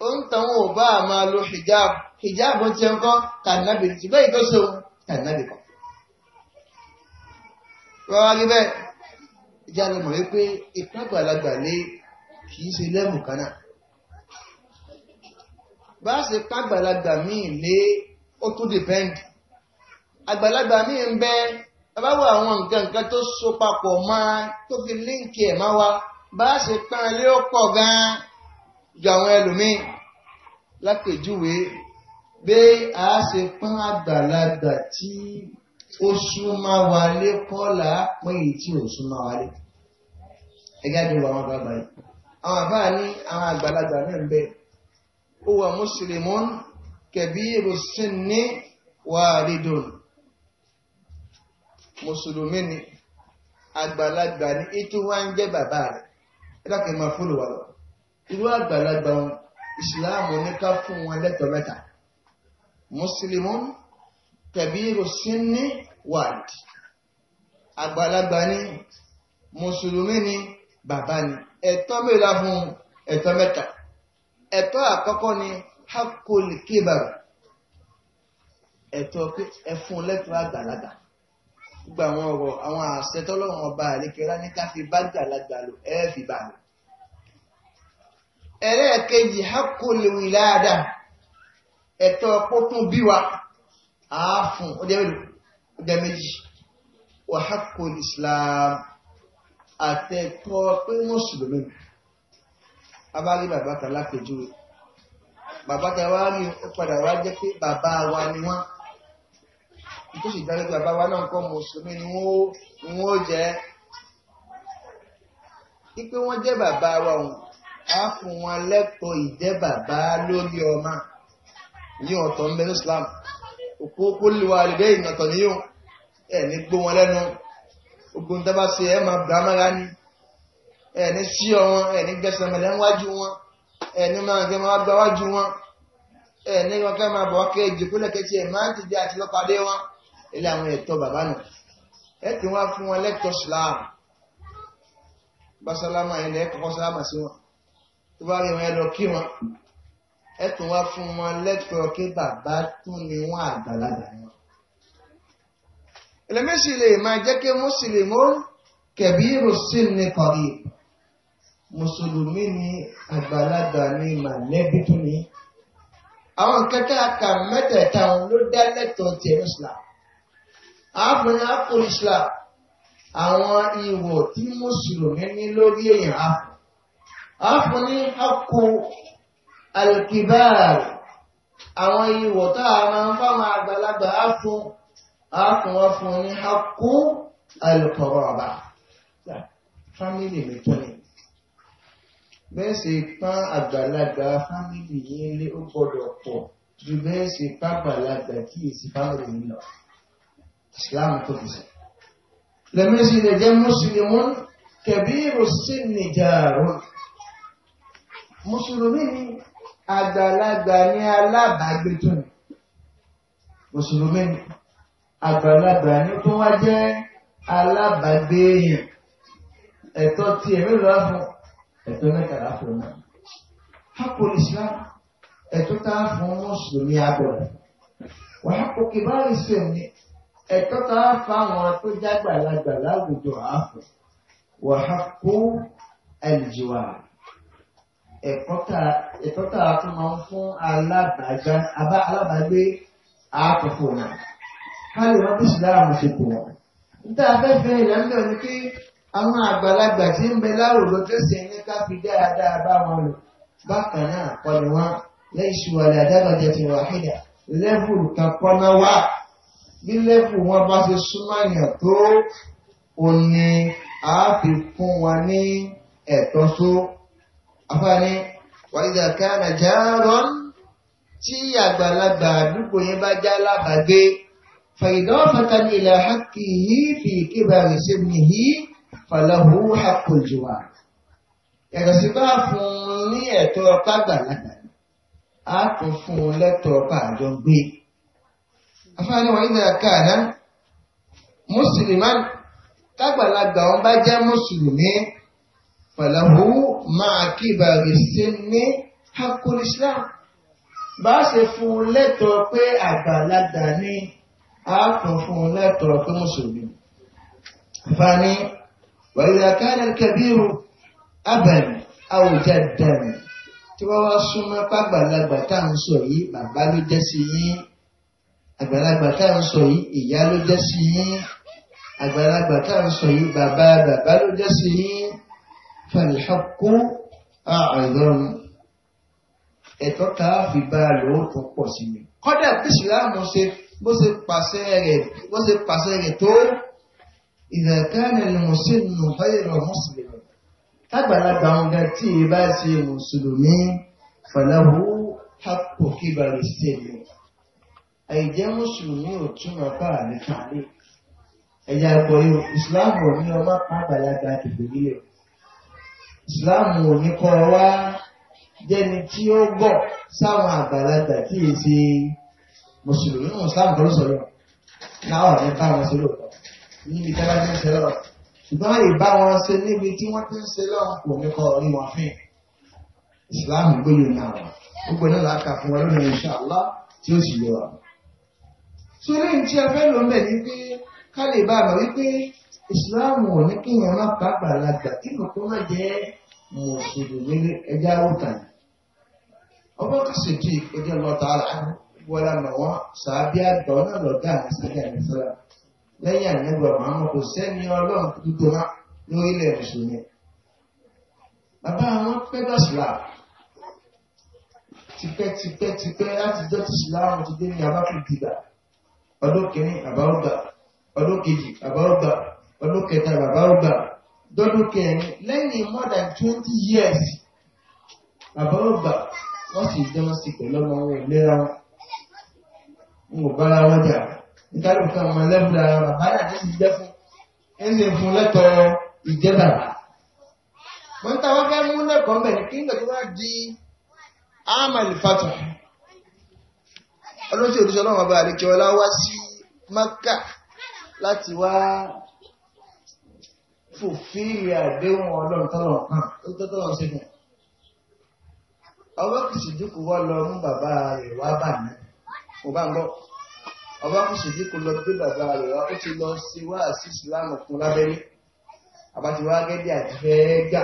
ó ń tọ́wọ̀n bá àmà lo hijab ìjáàbò tí ọkọ tànàbì ṣùgbọ́n ìtọ́ sí òun tànàbì kan. Rọ́wá rí bẹ́ẹ̀, ìjà lọ mọ̀ wípé ìpágbàlagbà lé kìí ṣe lẹ́mù kanáà. Bá ṣe pàgbàlagbà míì lé ó tún dìpẹ́ǹdì. Àgbàlagbà míì ń bẹ bàbá wo àwọn nǹkan nǹkan tó so papọ̀ máa tó fi líǹkì ẹ̀ máa wa bá ṣe pẹ́ran lé ó pọ̀ gan-an ju àwọn ẹlòmíì lápèjúwe bí a ṣe pín àgbàlagbà tí ó súnmọ́ wa lé kọ́là pín èyí tí ò súnmọ́ wa lé. ẹgẹ́ àti ìwà àwọn bàbá yìí àwọn bàbá ní àwọn àgbàlagbà náà ń bẹ ó wà mùsùlùmún kabiru sinni walidun mùsùlùmí ni àgbàlagbà ní ètò wa ń jẹ́ bàbá rẹ̀ ẹ̀dàkẹ́ máa fún ìwà lọ irú àgbàlagbà wọn ìsìláàmù ní ká fún wọn lẹ́tọ̀ọ́ mẹ́ta muslimun kabiru sinni wad àgbàlagbà ni mùsùlùmí ni bàbá ni ẹ̀tọ́ mẹ́la fún ẹ̀tọ́ mẹ́ta ẹ̀tọ́ àkọ́kọ́ ni hakul kibar ẹ̀tọ́ pé ẹfún lẹ́tọ́ àgbàlagbà gbogbo àwọn ọ̀rọ̀ àwọn àṣẹ tọ́lọ́wọ́n ọba àlékẹ́lá ní ká bá gbàlagbà lò ẹ́ fi bà lò ẹlẹ́ẹ̀kejì hakul wilada ẹ̀tọ́ ọpọ́ tún bí wa àáfún ọjọ́ mélòó ọjọ́ méjì wàhákò islam àtẹ̀tọ́ pé mùsùlùmí abálé bàbá kan lápèjúwe bàbá kan wá ní ó padà wá jẹ́ pé bàbá wa ni wọ́n tó sì dájú pé bàbá wa náà kọ́ mùsùlùmí ni wọ́n ó jẹ́ wípé wọ́n jẹ́ bàbá wa òun á wọn lẹ́tọ̀ọ́ ìjẹ́ bàbá lórí ọmọ yíò ọ̀tọ̀ ń bẹ ní Islam òkú kó lèwà àlèdè ìnàtọ̀ ní yóò ẹ̀ ní gbó wọn lẹ́nu ogun tábà ṣe ẹ̀ máa bàá mára ní ẹ̀ ní sí ọ̀wọ́n ẹ̀ ní gbẹ̀sẹ̀ mẹ̀lẹ́ wájú wọn ẹ̀ ní máa kẹ́ máa gba wájú wọn ẹ̀ ní wọn kẹ́ máa bọ̀ wá kẹ́ ìjòkó lẹ́kẹ́ tí ẹ̀ máa ń tìjẹ́ àti lọ́pàdé wọn ilé àwọn ẹ̀tọ́ bàbá nù ẹ̀ tí wọ́n fún wọn lẹ́tọ̀ Islam bá sálámà ilẹ̀ ẹ̀kọ́ sálámà sí wọn tó bá rí wọn ẹ lọ kí wọn ẹ tún wá fún wọn lẹ́tọ̀ọ́ kí bàbá tún ni wọ́n àgbàlagbà ni wọn. ẹlẹ́mẹ̀sì lè máa jẹ́ kí mùsùlùmí kẹ̀bí rọ̀sìn ní kọ̀rí mùsùlùmí ni àgbàlagbà ni màlẹ́bí tún ni. àwọn kẹ́kẹ́ àkà mẹ́tẹ̀ẹ̀ta wọn ló dá lẹ́tọ̀ọ́ tiẹ̀ ní Islam. àwọn ìwọ̀ tí mùsùlùmí ní lórí èèyàn àfọ̀ àfọ̀ ní alikibar àwọn ìwọ̀ tá a máa ń fáwọn àgbàlagbà á fún á fún wọn fún ní hakú alqaraba fámìlì mi tó ni bẹ́ẹ̀ sì pán àgbàlagbà fámìlì yín lé ó gbọ́dọ̀ pọ̀ ju bẹ́ẹ̀ sì pàgbàlagbà kí èsì fámìlì yín lọ islam tó fi sọ lẹ́mẹ́sì lè jẹ́ mùsùlùmí kẹbí ìrọ̀sí nìjà rọ̀ mùsùlùmí ni àgbàlagbà ní alábàágbé tó ní mùsùlùmí ni àgbàlagbà ní tó wá jẹ́ alábàágbé èèyàn ẹ̀tọ́ tí ẹ̀mí lọ́wọ́ fún ẹ̀tọ́ mẹ́tàlá fún mi. hapò Islam ẹ̀tọ́ tá a fún mùsùlùmí abọ̀rẹ̀ wọ́n hapò kìbáàrì sí ẹ̀mí ẹ̀tọ́ tá a fún àwọn tó jágbàlagbà láwùjọ àáfọ̀ wọ́n hapò ẹ̀lìjìwà rẹ̀ ẹ̀kọ́ tá a tún máa ń fún alábàájá alábàágbé àákọ́fọ́ náà ká lè wọ́n tó sì dára mo ṣe kù wọ́n. níta afẹ́fẹ́ ìdámẹ́lẹ̀ ni pé àwọn àgbàlagbà tí ń bẹ láwùjọ tó sì ní ká fi dáadáa bá wọn lò bákan náà kọ́ ni wọ́n lẹ́yìn ìṣúwàlẹ̀ àdábàjẹ́ ti wà kéde lẹ́fù kan kọ́ náà wà bí lẹ́fù wọn bá ṣe súnmọ́ èèyàn tó òní àáfi fún wọn ní ẹ̀tọ́ só àfààní wàlídà kánà járọ́n tí àgbàlagbà àdúgbò yẹn bá já lábàgbé fàyìdán fàtàlì ilẹ̀ hákì yìí fi kíbàrì sí mi yìí fàlàhù hàkùjùwà yàtọ̀ sí bá fún un ní ẹ̀tọ́ ọpá gbàlagbà á tún fún un lẹ́tọ̀ọ́ ọpá àjọ gbé àfààní wàlídà kánà mùsùlùmán tágbàlagbà wọn bá jẹ́ mùsùlùmí pẹ̀lú máa kíbàrì sí ní hakul islam bá ṣe fún lẹ́tọ̀ọ́ pé àgbàlagbà ní ààkùn fún lẹ́tọ̀ọ́ pé mùsùlùmí fani wàlúwàkánà kẹbíru abẹ̀rẹ̀ àwùjá dẹ̀rẹ̀ tí wọ́n wá súnmọ́ pàgbàlagbà tá à ń sọ yìí bàbá ló jẹ́ sí yín àgbàlagbà tá à ń sọ yìí ìyá ló jẹ́ sí yín àgbàlagbà tá à ń sọ yìí bàbá bàbá ló jẹ́ sí yín. فالحق أعظم ẹ̀tọ́ ká fi bá lò ó tún pọ̀ sí mi. kọ́dà bí ìsìláàmù ṣe bó ṣe pàṣẹ rẹ̀ bó ṣe pàṣẹ rẹ̀ tó ìdàkánì mùsùlùmí fẹ́ràn mùsùlùmí. tágbàlagbà àwọn ọ̀gá tí ì bá ṣe mùsùlùmí fàlàwù hapò kíbalè sẹ́yìn. àìjẹ́ mùsùlùmí ò túmọ̀ bá àlè kàlẹ́. ẹ̀yà ìpọ̀ ìsìláàmù ò ní ọmọ pàgbàlagbà kìbìrì yóò islam ò ní kọ́ wá jẹ́ni tí ó gbọ́ sáwọn àgbàlagbà tí yìí ṣe mùsùlùmí nínú islam kọ́ ló sọ̀rọ̀ káwọn ní bá wọn ṣe lóòótọ́ níbi tí wọ́n ti ń ṣe lọ́wọ́ ṣùgbọ́n wọ́n lè bá wọn ṣe níbi tí wọ́n ti ń ṣe lọ́wọ́ kò ní kọ́ orí wọn fún islam gbóyè ní àwọn gbogbo náà láka fún wọn lónìí inṣàlá tí ó sì yọ àwọn. sórí ní tí a fẹ́ lò ń bẹ̀ ni pé ká lè bá a mọ̀ wípé ìsìláàmù ò ní kíyàn má bá gbàlagbà kí kòkó má jẹ́ mùsùlùmí ẹja òtà yìí ọba kásìtì ìpínlẹ̀ lọ́tà wọlé àmọ́wọ́ sàábí àgbà ọ̀nà lọ́gá àmì lẹ́yìn àyẹ̀wò àmọ́ kò sẹ́ni ọlọ́run tuntun wá lórí ilẹ̀ mùsùlùmí bàbá àwọn pẹ́ bá sùlám tipẹ́tipẹ́tipẹ́ láti jọ́ ti sùlám ti dé ní abákùn dìgbà ọdún kìíní àbáwọ́gbà ọdún kejì àbáwọ́gbà ọdún kẹta bàbá ọgbà dọ́dún kẹrin lẹ́yìn more than twenty years bàbá ọgbà wọ́n sì jẹ́ wọ́n sì pẹ̀lú ọmọ wọn ìlera wọn ń wò bára wọn jà nítorí kan ọmọ ẹlẹ́bùn ara bàbá náà ní ìjẹ́ fún ẹni fún lẹ́tọ̀ọ́ ìjẹ́ bàbá. wọ́n ta wọ́n fẹ́ mú lẹ́kọ̀ọ́ mẹ́rin kí nígbà tó di ámàlì fatọ̀ ọlọ́sẹ̀ òdúṣọ́ náà wọ́n bá àlejò wá sí Mákà láti wá fulfill àdéhùn ọlọ́run tọ́lọ̀ kan tó tọ́tọ́lọ̀ sínú. ọba kìsìdìkù wá lọ mú bàbá rẹ̀ wá bà ní kò bá ń bọ̀. ọba kìsìdìkù lọ gbé bàbá rẹ̀ wá ó ti lọ sí wá sí ìsìlámù fún lábẹ́lé. àbátí wá gẹ́gẹ́ àti fẹ́ gà.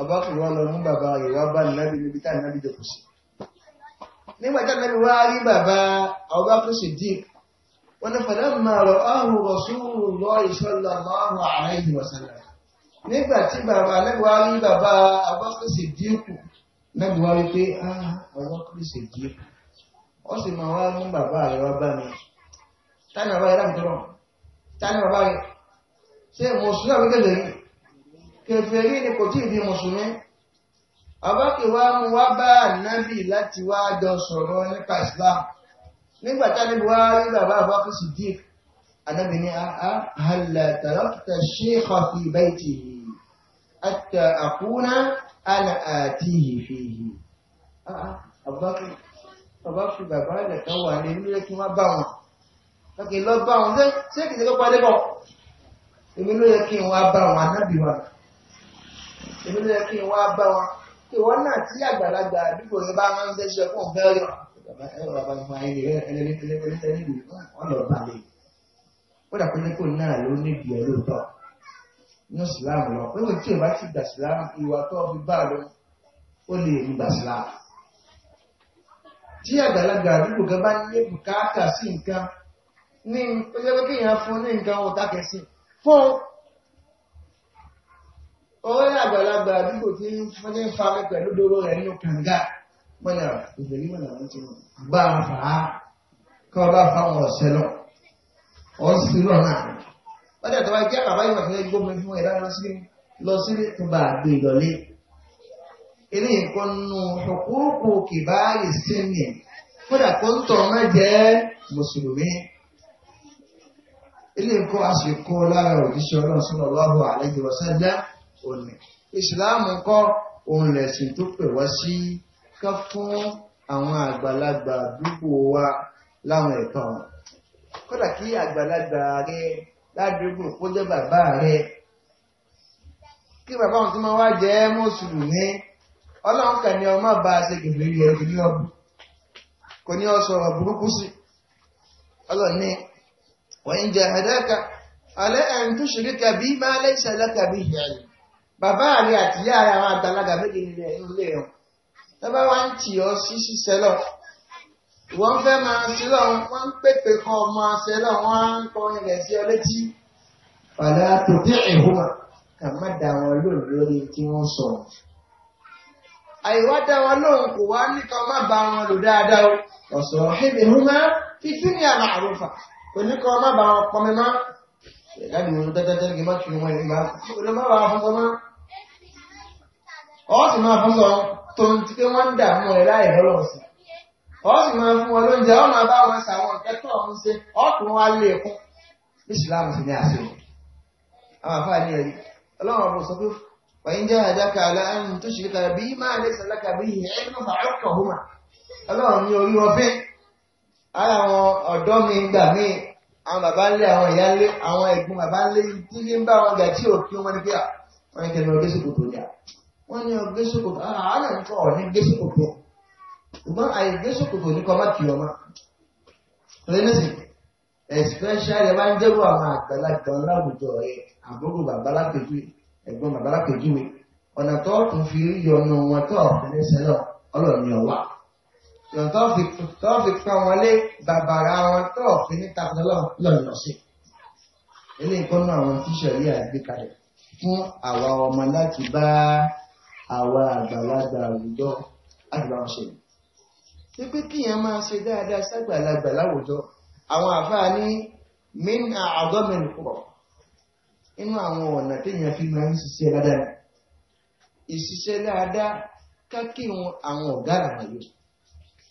ọba kìsìdìkù wá lọ mú bàbá rẹ̀ wá bà ní lábẹ́ níbi tá à ní lábẹ́ jẹ kù sí. nígbà tí a wọ́n falamma ra'ahu Rasulullahi sallallahu alayhi wa sallam nígbà tí bàbá lẹ́wà rí bàbá abọ́kùsì dínkù lẹ́gbà rí pé ah, abọ́kùsì dínkù ó sì máa wá mú bàbá rẹ̀ wá bá mi tani bàbá rẹ̀ nígbà tábí wá rí bàbá àbákú sí díẹ̀ anábì ní àhàlà tàràkìtà ṣéèkọ̀ fi báyìí àtà àkúnà àlà àti ìfèyí àbákú bàbá rẹ̀ kan wà ní ilé kí wọ́n bá wọn lọ́kì lọ bá wọn ṣé kìí ṣe kó padé bọ̀ èmi ló yẹ kí n wá bá wọn anábì wa èmi ló yẹ kí n wá bá wọn ìwọ náà tí àgbàlagbà àdúgbò yẹn bá máa ń fẹ́ ṣe fún ọ̀bẹ́rẹ́ wọn bàbá fún ayé rẹ ẹlẹ́lẹ́lẹ́lẹ́lẹ́ ìlú wọn lọ bá mi ó dà pé lẹ́kọ̀ọ́ náà ló ní ìdí ẹ̀ lóòótọ́ ní ìsìláàmù lọ pé wọ́n tí ò bá ti gbà ìsìláàmù ìwà tó fi bá lọ ó lè rí gbà ìsìláàmù tí àgbàlagbà àdúgbò kan bá ní bùkátà sí nǹkan ní ọjọ́ pé kéèyàn fún ní nǹkan wọn dákẹ́ fún ọwọ́ àgbàlagbà àdúgbò tí wọ́n ti ń fa mi pẹ̀lú dóró rẹ̀ nínú kànga mana ìgbèrí mana wọn ti wọn bá a fà á kí wọn bá a fà wọn ọsẹ lọ ọsẹ lọ náà wọn dẹ̀ tó wá jẹ́ àbáyé wọn fẹ́ gbọ́ mi fún ẹ̀dá lọ sí lọ sí tó bá a gbé ìdọ̀lé ilé nǹkan nù ṣòkúrúkù kìbáyé sẹ́ni kódà kó ń tọ̀ ọ́nà jẹ́ mùsùlùmí ilé nǹkan àṣekọ lára òjíṣẹ́ ọlọ́run sọ́nà àlejò ọ̀sẹ̀ jẹ́ òní ìsìláàmù kọ́ òun lẹ̀sìn tó pè wá sí ká fún àwọn àgbàlagbà àdúgbò wa láwọn ẹ̀tàn kódà kí àgbàlagbà rẹ ládùúgbò kó jẹ́ bàbá rẹ kí bàbá wọn tó máa wá jẹ́ mùsùlùmí ọlọ́run kàn ní ọmọ bá a ṣe gbèrè ẹ̀rí ní ọ̀bù kò ní ọ̀sọ̀ ọ̀rọ̀ burúkú sí ọlọ́run ní wọ́n ń jẹ ẹ̀dẹ́ka alẹ́ ẹ̀rín tó ṣe kíkà bí máa lẹ́sẹ̀ lẹ́kà bí ìyá rẹ̀ bàbá rẹ̀ àtìyá rẹ̀ àwọn àgbàlagbà méjì nílẹ̀ nílé wọn lọ́ba wá ń tì ọ́ sí ṣiṣẹ́ lọ. ìwọ ń fẹ́ máa ṣe lọ́wọ́ wọ́n ń pèpè kan ọmọ ṣe lọ́wọ́ wọ́n á ń kọrin rẹ̀ sí ọ létí. fàlà tòbí ẹ̀húnmá kà má dá wọn lóhùn lórí tí wọ́n sọ. àìwá dá wọn lóhùn kò wá nìkan má bá wọn lò dáadáa o. ọ̀sọ̀ ẹ̀húnmá fífi ní àmà àrùfà oníkan má bá wọn pọnmi má. ìyá mi ò tẹ́tẹ́tẹ́ kí n má tún wọn ìgbà ó lè má bá wọn tó ń ti pé wọ́n ń dààmú rẹ̀ ọ sì máa fún wọn lóúnjẹ ọ máa bá wọn sàwọn ìkẹ́kọ̀ọ́ ọ̀hún ṣe ọkùnrin wa lè kún ìsìláàmù sí ní àṣírí àwọn àfáà ní ẹ̀rí ọlọ́run ọ̀bùn sọ pé wàyín jẹ́ àjáka aláàrin tó ṣìríkà bí máa lè sàlákà bí ẹ̀ẹ́dùn fàákọ̀ hùmà ọlọ́run ní orí wọn fẹ́ ara àwọn ọ̀dọ́ mi gbà mí àwọn bàbá ńlé àwọn ìyá ńlé àwọn ẹ̀gbọ́n bàbá ńlé tí ń bá wọn gà tí òkú wọ́n ní ọgbẹ́ ṣòkòtò àárẹ̀ nǹkan ọ̀ní gbé ṣòkòtò ṣùgbọ́n àyè gbé ṣòkòtò ní kọ́ má kì ọmọ lẹ́nìsì especially máa ń dẹ́rù àwọn àgbàlagbà láwùjọ ẹ̀ àbúrò bàbá lápẹ̀jú ẹ̀gbọ́n bàbá lápẹ̀jú mi ọ̀nà tó tún fi yọnu wọn tó ọ̀fẹ́lẹ́ sẹ́lọ̀ ọlọ́ọ̀ni ọ̀wà ọ̀nà tó fi pọ́n wọn lé bàbàrà wọn tó ọ̀fẹ́ níta lọ́ọ̀ni ọ̀sìn eléyìí kọ́nà àwọn tíṣẹ̀lì àgbékalẹ̀ fún àwa àwa àgbàlagbà àwùjọ àgbà ọ̀ṣẹ̀. Ṣé pé kí máa ṣe dáadáa ságbàlagbà láwùjọ? Àwọn àfáà ní min àádọ́mìn pọ̀. Inú àwọn ọ̀nà téèyàn fi máa ń ṣiṣẹ́ dáadáa. Ìṣiṣẹ́ dáadáa kákí àwọn ọ̀gá làwọn yóò.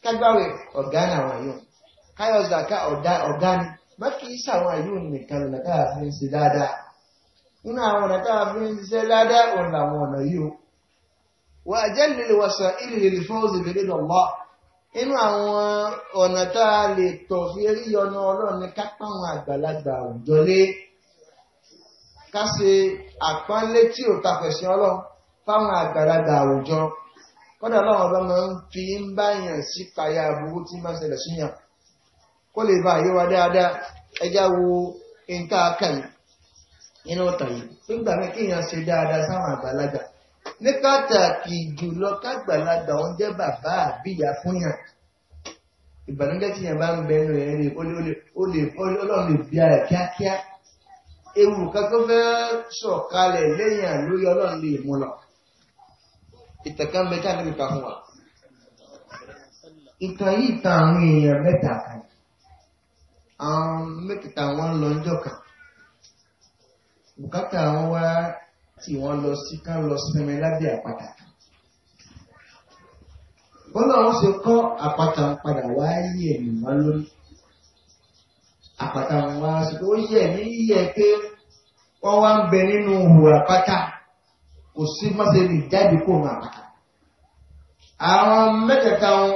Kágbáwẹ̀ ọ̀gá làwọn yóò. Zaka ọ̀gá ni. Má kì í ṣàwọn nìkan lọ́nà fi ń ṣe dáadáa. Inú àwọn ọ̀nà fi ń wà jẹ́lẹ̀ lè wàṣà ìlìlè lè fún òsì lè lọ́lọ́ inú àwọn ọ̀nà tá a lè tọ̀ fi rí ọ̀nà ọlọ́run ní kápá àwọn àgbàlagbà àwùjọ lé ká ṣe àpọ́nlé tí ò tafẹ̀sìn ọlọ́run fáwọn àgbàlagbà àwùjọ kọ́dà ọlọ́run ọba máa ń fi ń bá yàn sí payá aburú tí máa ń ṣẹlẹ̀ síyàn kó lè bá àyè wa dáadáa ẹjá wo nǹkan akẹ́yìn nínú ọ̀tàn yìí nígbà mí kéèyàn ṣe dáadáa sáwọn àgbàlagbà ní pàtàkì jùlọ kágbàlagbà òun jẹ́ bàbá àbíyá fún yàn ìbànújẹ́ tí yàn bá ń bẹ inú ẹ̀rẹ́ ọlọ́run lè bí ara kíákíá ewu kan tó fẹ́ sọ̀kalẹ̀ lẹ́yìn lórí ọlọ́run lè mú lọ ìtẹ̀kán mẹ́ta ní ìta fún wa ìtàn yìí tan àwọn èèyàn mẹ́ta kan àwọn mẹ́tẹ̀ẹ̀ta wọn lọ ọjọ́ kan bùkátà wọn wá tí wọ́n lọ sí ká lọ sinmi lábẹ́ àpáta kan. bọ́lá wọn ṣe kọ́ àpáta padà wá yí ẹ̀yìn wá lórí àpáta wọn wá sí pé ó yẹ ní yíyẹ pé wọ́n wá ń bẹ nínú ihò àpáta kò sí mọ́sẹ̀lì jáde kó ní àpáta. àwọn mẹ́tẹ̀ẹ̀ta wọn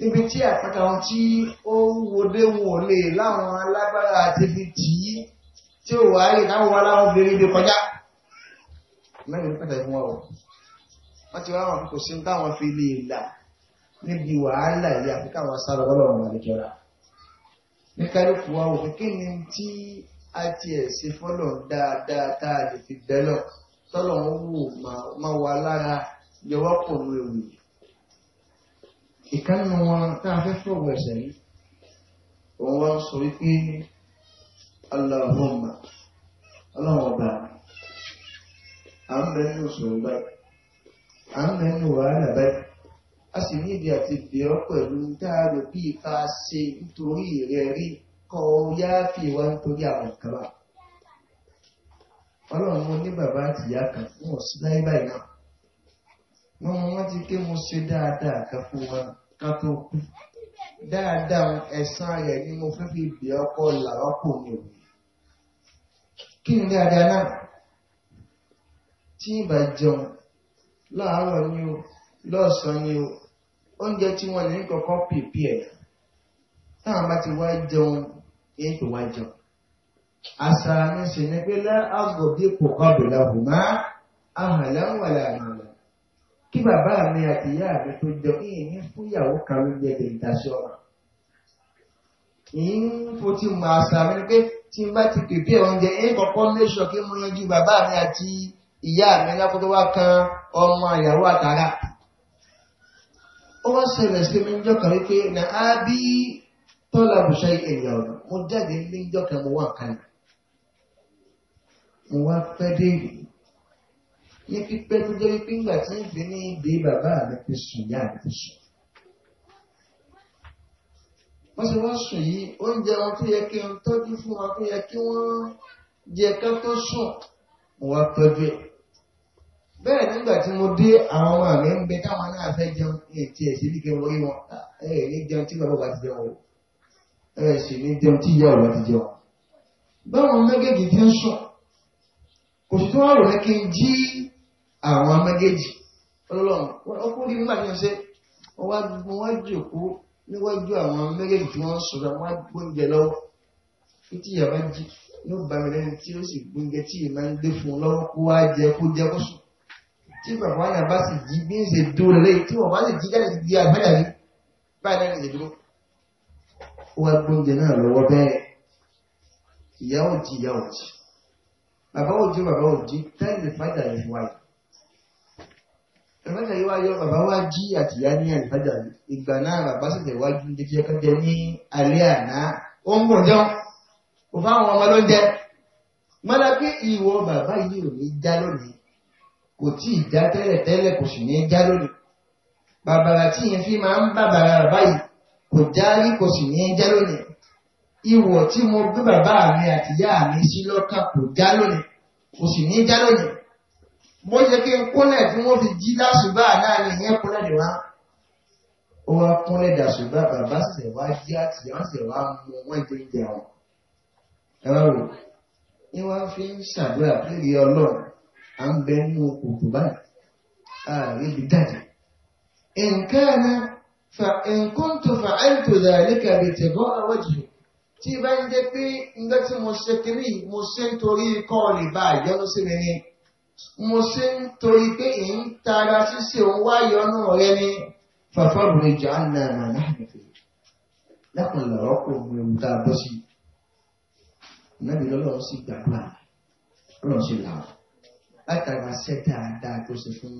níbi tí àpáta wọn tí ó wọlé wọlé láwọn alágbára àti ibi tì tí ò wáyé táwọn aláwọ̀ bèrè ibi kọjá mẹ́rin pẹ̀lẹ̀ wọn ọ̀ wọ́n ti wá wọn kò sí táwọn fi lè là níbi wàhálà yìí àti káwọn sáré ọlọ́run àlejòra ní kálukú wa wò kí ni tí a ti ẹ̀ ṣe fọ́lọ̀ dáadáa tá a lè fi bẹ́lọ̀ tọ́lọ̀ ń wò máa wà lára yọwọ́ pọ̀ ní ewu ìkànnì wọn tá a fẹ́ fọ̀wọ̀ ẹ̀sẹ̀ yìí òun wá sọ wípé Allahumma ọlọ́run ọba rẹ̀ à ń bẹ nínú ìṣòro báyìí à ń bẹ nínú wàhálà báyìí a sì ní ibi àti bẹ̀rọ pẹ̀lú dáàrò bí ipa ṣe nítorí rẹ̀ rí kọ́ yááfì wá nítorí àwọn nǹkan bá ọlọ́run mo ní bàbá àti ìyá kan fún ọ̀sí láyé báyìí náà wọ́n mọ wọ́n ti ké mo ṣe dáadáa kan fún wa ká tó kú dáadáa ẹ̀san rẹ̀ ni mo fẹ́ fi bẹ̀ ọkọ làwápò mi kí ni dáadáa náà tí ìbà jẹun láàárọ̀ ni o lọ́sàn-án ni o oúnjẹ tí wọ́n lè ní kọ̀ọ̀kan pèpè ẹ̀ táwọn bá ti wá jẹun yẹn tó wá jẹun. àṣà mi sì ni pé láàbò dípò ọ̀bìlà ọ̀hùnmá àhàlà ń wà láàrin rẹ̀ kí bàbá mi àti ìyá mi tó jẹun yìí ní fún ìyàwó kan ló jẹ lè dáṣọ ọ̀rọ̀. ìyín fotí mọ àṣà mi ni pé tí n bá ti pèpè oúnjẹ yẹn kọ̀ọ̀kan lè ṣọ kí mo yanjú bàbá mi àti ìyá ìyá mi ńlá kó tó wá kan ọmọ ìyàwó àtàrà ó wá ṣẹlẹ̀ sí mi níjọ́ kan wípé na á bí tọ́lá bùṣẹ́ ìyà ọ̀nà mo jáde níjọ́ kan mo wà kan mo wá pẹ́ dé ní pípẹ́ tó jẹ́ wípé ńgbà tí ń fi ní ibi bàbá mi fi sùn yá mi fi sùn wọ́n ṣe wọ́n sùn yìí oúnjẹ wọn tó yẹ kí n tọ́jú fún wọn tó yẹ kí wọ́n jẹ ká tó sùn mo wá tọ́jú ẹ̀ bẹ́ẹ̀ nígbà tí mo dé àwọn ọmọ mi ń bẹ táwọn náà fẹ́ jẹun ètí ẹ̀sìn bí kẹ́ wọ́n wọn ẹ̀ ní jẹun tí bàbá ti jẹun ẹ̀ sì ní jẹun tí ìyá ọ̀rọ̀ ti jẹun. báwọn méjèèjì ti ń sùn kò sí tí wọ́n rò kí n jí àwọn méjèèjì ọlọ́run ọkùnrin nígbà tí wọ́n ṣe wọ́n wá jòkó níwájú àwọn méjèèjì tí wọ́n ń sọ̀rọ̀ wọ́n á gbóúnjẹ lọ́wọ́ títí ìyá bá jí ní ó bá mi lẹ́nu tí ó sì gbóúnjẹ tí ì ń gbé fún un lọ́wọ́ kó wá jẹ kó jẹ kó sùn tí bàbá náà bá sì jí bí ń ṣe dúró lẹ́yìn tí wọ́n bá sì jí jáde ti di àgbàdà rí báyìí náà lè dúró ó wá gbóúnjẹ náà lọ́wọ́ bẹ́ẹ̀ ìyá ò jí ìyá ò jí bàbá ò jí bàbá ò jí tẹ́lẹ̀ fàjà yìí wáyé ẹ̀fọ́jà yìí wáyé bàbá wá jí àtìyá ní àlìfàjà yìí ìgbà náà bàbá sì lè wájú ní kí ẹkọ ní alẹ́ àná ó ń bọ̀ jẹun kò fáwọn ọmọ lóúnjẹ kò tí ì já tẹ́lẹ̀ tẹ́lẹ̀ kò sì ní já lónìí bàbàrà tí yẹn fi máa ń bàbàrà báyìí kò já rí kò sì ní já lónìí ìwọ̀ tí mo gbé bàbá mi àtìyá mi sí lọ́kàn kò já lónìí kò sì ní já lónìí bó ṣe kí n kúnlẹ̀ tí wọ́n fi jí dásùbà náà ni ìyẹn kúnlẹ̀ ni wá ó wá kúnlẹ̀ dásùbà bàbá sì wá jí àtìyá sì wá mú wọ́n jẹ oúnjẹ àwọn ẹ̀rọ ni wọ́n fi ń ṣàdúrà pé ìyá ọlọ́run à ń bẹ nínú òkùnkùn báyìí ààrẹ ibi dájà nǹkan fa nǹkan tó fa àìtò dàríkà lè tẹ̀gbọ́n àwọn jù tí bá ń jẹ́ pé nígbà tí mo ṣe kiri mo ṣe ń torí kọ́ lè bá àjọyọ̀ sí mi ni mo ṣe ń torí pé ì ń tara ṣíṣe òun wáyọ̀ ọ̀nà ọ̀rẹ́ ni fàfọ́rù rẹ̀ jà ń nà nà láàrin fèrè gbàgbà lọ́run sì làwọn látara ṣẹ́ dáadáa tó ṣe fún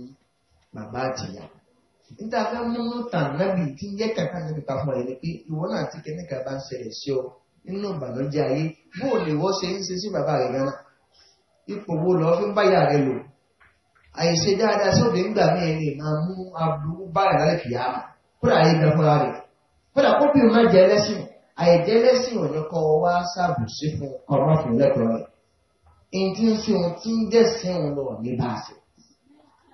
bàbá àtìyá níta fẹ́ múnú tàn nábì tí ń jẹ́ kàkà níbi papọ̀ rẹ̀ ni pé ìwọ náà ti kẹ́ níka bá ń ṣẹlẹ̀ sí ọ nínú ìbànújẹ́ ayé bó o lè wọ́ ṣe ń ṣe sí bàbá rẹ̀ gan ipò wo lọ́ọ́ fi ń báyà rẹ̀ lò àìṣe dáadáa sóde ńgbà mí ẹni máa mú aburú báyà lálẹ́ kìá kódà ayé gan fúnra rẹ̀ kódà kópì má jẹ ẹlẹ́sìn àìjẹ́ ẹlẹ́sìn ò ntí ń ṣe wọn tí ń dẹ̀sẹ̀ wọn lọ ní báàsì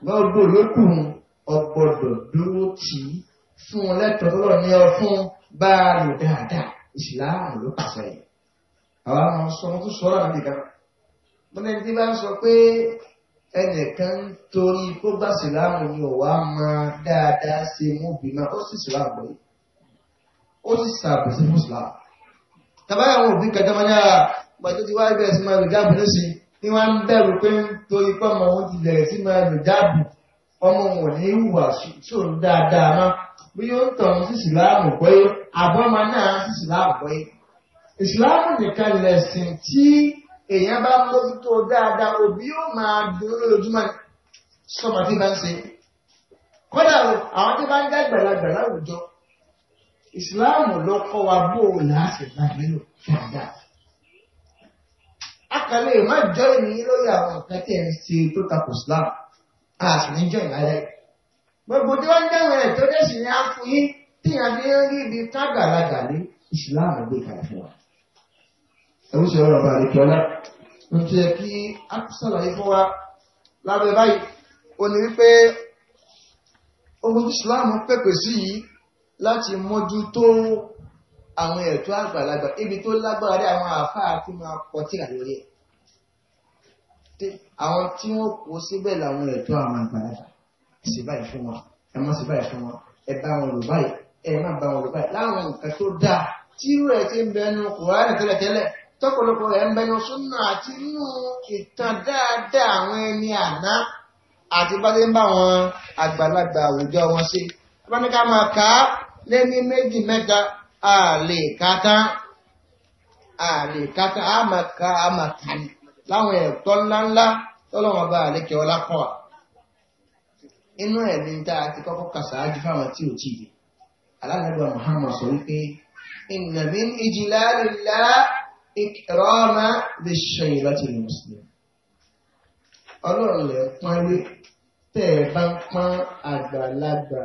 gbọ́dọ̀ yòókù ọgbọ́dọ̀ dúró tì í fún wọn lẹ́tọ̀ọ́ tó lọ ní ọ fún bá a lò dáadáa ìsìláàmù ló pàṣẹ yìí àwa máa sọ wọn tó sọ̀rọ̀ àbí kan mọ́lẹ́ ní tí bá ń sọ pé ẹnìkan torí kó bá ìsìláàmù ni ọ̀wá máa dáadáa ṣe mú bìnnà ó sì ìsìláàmù yìí ó sì sàbẹ̀sẹ̀ fún ìsìláàmù tàbá àwọn òbí kẹjọ pàtó ti wá bẹ̀rẹ̀ sí máa lò jáàbù lóṣì ní wọ́n ń bẹ̀rù pé ń torí pé ọmọ òun ti bẹ̀rẹ̀ sí máa lò jáàbù ọmọ òun ní ìwà sóòrò dáadáa má bí yóò ń tọ̀run sí ìsìláàmù pé àbọ́mọ náà sí ìsìláàmù pé ìsìláàmù nìkan lẹ̀sìn tí èèyàn bá mójútó dáadáa òbí yóò máa dúró lójoojúmọ́ sọ́mọ tí bá ń ṣe kódà àwọn tí bá ń dá gbàlagbà láwùjọ ìsìláàmù ló kọ́ wa bó o láàfin náà nílò dáadáa akàlẹ̀ ìmọ̀ jọ ìní lórí àwọn nǹkan tí ẹ̀ ń ṣe tó takò Islam a sì ní jọ ìlàlẹ̀. gbogbo tí wọ́n ń dẹ̀wọ̀n ẹ̀ tó dé sí ni a fún yín tí a fi ń rí ibi tágàlagà ní Islam gbé kalẹ̀ fún wa. ẹ̀rú sọ̀rọ̀ ọ̀rọ̀ àlè kọ́lá ń tẹ́ kí a sàlàyé fún wa lábẹ́ báyìí ó ní wípé ogun Islam pèpè sí yìí láti mójútó àwọn ẹ̀tọ́ àgbàlagbà ibi tó lágbára dé àwọn àáfàá tí máa kọ tírà lórí ẹ̀ àwọn tí wọ́n kó síbẹ̀ làwọn ẹ̀tọ́ àwọn àgbàlagbà sì báyìí fún wọn ẹ má sì báyìí fún wọn ẹ bá wọn lò báyìí ẹ má bá wọn lò báyìí láwọn nǹkan tó dáa tí irú ẹ̀ ti ń bẹnu kùránì tẹ́lẹ̀tẹ́lẹ̀ tọ́pọ̀lọpọ̀ ẹ̀ ń bẹnu súnà àti inú ìtàn dáadáa àwọn ẹni àná àti bá ti ń bá wọn àgbàlagbà àwùjọ wọn ṣe abáníkà máa kà á lé ní méjì mẹ́ta àlè kátá àlè kátá àmàkà àmàkà ni láwọn ẹ̀tọ́ ńláńlá tọ́lọ́wọ́n bá àlékè ọlá kọ́ wa inú ẹ̀ ní tá a ti kọ́kọ́ kà sáájú fáwọn tí ò tí ì alálẹ́gbà Muhammad sọ wípé inna min ijlalillah ikrama bish-shaybati lil-muslim ọlọ́run lè pọ́n lé tẹ́ bá pọ́n àgbàlagbà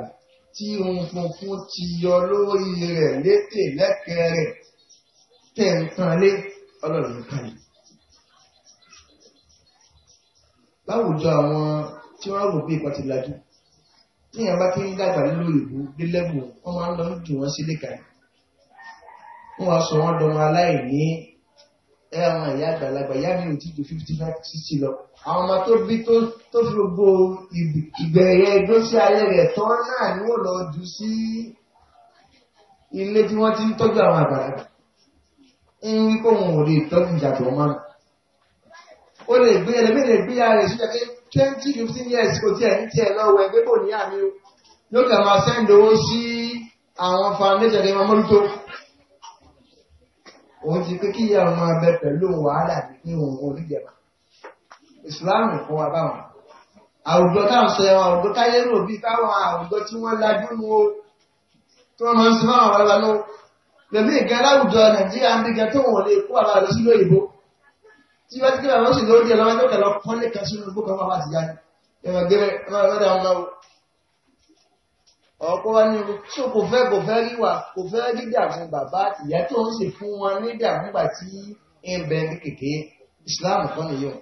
tí ohun funfun ti yọ lórí rẹ̀ létè lẹ́kẹ̀ẹ́ rẹ̀ tẹ̀ ń tan lé ọlọ́run nìkan yìí. láwùjọ àwọn tí wọ́n rò bí ìpàtí lajú ní ìyàmbá tí ń dàgbà nínú ìbú dé wọ́n máa ń lọ ń jù wọ́n sílé kan wọ́n wá sọ wọ́n dọmọ aláìní ẹ àwọn ìyá àgbàlagbà ìyá mi ò tí ju fifty five sixty lọ àwọn ọmọ tó bí tó fi gbogbo ìgbẹ̀yẹ gbèsè ayé rẹ̀ tán náà ni wọ́n lọ jù sí ilé tí wọ́n ti ń tọ́jú àwọn àgbàlagbà ń wí kó wọn ò lè tọ́jú ìyàtọ̀ ọmọ nù ó lè gbé ẹlẹ́mí lè gbé ara rẹ̀ sí ẹgbẹ́ twenty fifteen years kò tiẹ̀ ní tiẹ̀ lọ́wọ́ ẹgbẹ́ bò ní àmì o yóò kẹ́ máa sẹ́ńdowó sí àwọn foundation ẹgbẹ́ mọ́mọ́lútó òun ti pé kí ìyá ọmọ abẹ pẹ̀lú wàhálà ní òun oníjẹba ìsìláàmù fún wa báwọn àwùjọ táwọn sọ ẹwọn àwùjọ táyé rò bíi táwọn àwùjọ tí wọ́n lajú nu o tí wọ́n máa ń sin fáwọn ọlọlọ nù pẹ̀lú ìgẹ láwùjọ nàìjíríà ń bí gẹ tó wọn lè kó àbá lọ sí lóyìnbó tí wọ́n ti kí wọn sì lóde lọ́wọ́ tó kẹ lọ kọ nìkan sínú gbogbo kan wọn bá ti jáde ẹwọn gbé ẹwọn gbé ọ̀pọ̀ wa ní so kò fẹ́ kò fẹ́ rí wa kò fẹ́ rí dààmú bàbá ìyá tó ń sì fún wọn ní dààmú tí ń bẹ ní kékeré ìsìláàmù kan nìyí o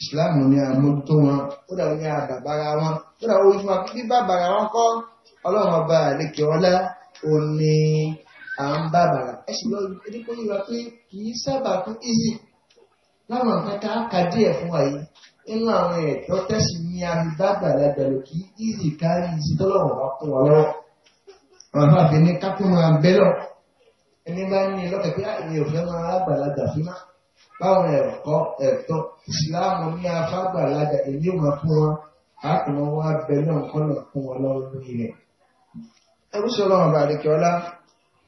ìsìláàmù ni àmójútó wọn ó dàbí ní àbàbára wọn ó dàbí ojú wọn bí bàbàrà wọn kọ́ ọlọ́run ọba àlekè ọlá ò ní à ń bàbàrà ẹ sì lọ edikó yíra pé kì í sábà fún easy láwọn nǹkan tá kà díẹ̀ fún wa yìí nínú àwọn ẹ̀tọ́ tẹ́sí ní abágbàlagbàlò kí ìzì kárí ìzì tọ́lọ̀wọ̀n wá fún wa lọ́wọ́ ọ̀nà àti ní kápẹ́nu abẹ́lọ̀ ẹni bá ní lọ́kẹ̀ pé àìní ah, òfẹ́ máa lágbàlagbà fún wa báwọn ẹ̀kọ́ ẹ̀tọ́ ìsìláàmù ní afágbàlagbà èyí ò máa fún wa àkùnà wa abẹ́lọ̀ nǹkan náà fún wa lọ́wọ́ lórí rẹ̀. ẹrú sọ̀rọ̀ ọ̀bàdìkẹ́ ọlá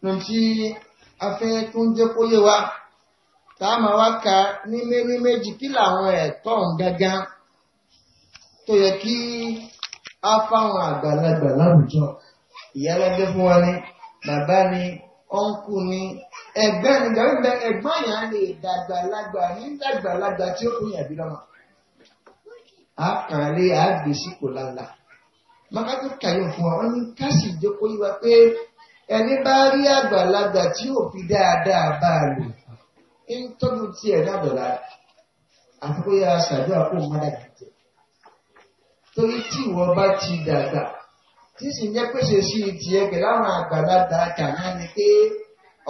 ní tí afẹ́ tó ń jẹ́ kó wa táàmù wa ka ní mérí méjì kí làwọn ẹ̀tọ́ gángan tó yẹ kí á fáwọn àgbàlagbà láwùjọ ìyálẹ́gbẹ́ fún wa ní bàbá ní ọ̀nkù ní ẹ̀gbẹ́ ní gbàgbé ẹ̀gbọ́n yẹn lè dàgbàlagbà ní dàgbàlagbà tí ó kún yẹn bí lọ́mọ. a kàn lé àgbèsí kò lálà makatu kàyọ̀ fún wa wọ́n ní ká sì jókòó yí wa pé ẹni bá rí àgbàlagbà tí ò fi dáadáa bá a lò ń tọ́jú tí ẹ̀ náà dọ̀la àti kó yára ṣàdúrà kó má dàgbà jẹ. torí tí ìwọ bá ti dàgbà tí sì ń jẹ́ pèsè sí tiẹ̀ pẹ̀lú àwọn àgbàlagbà kàná ni pé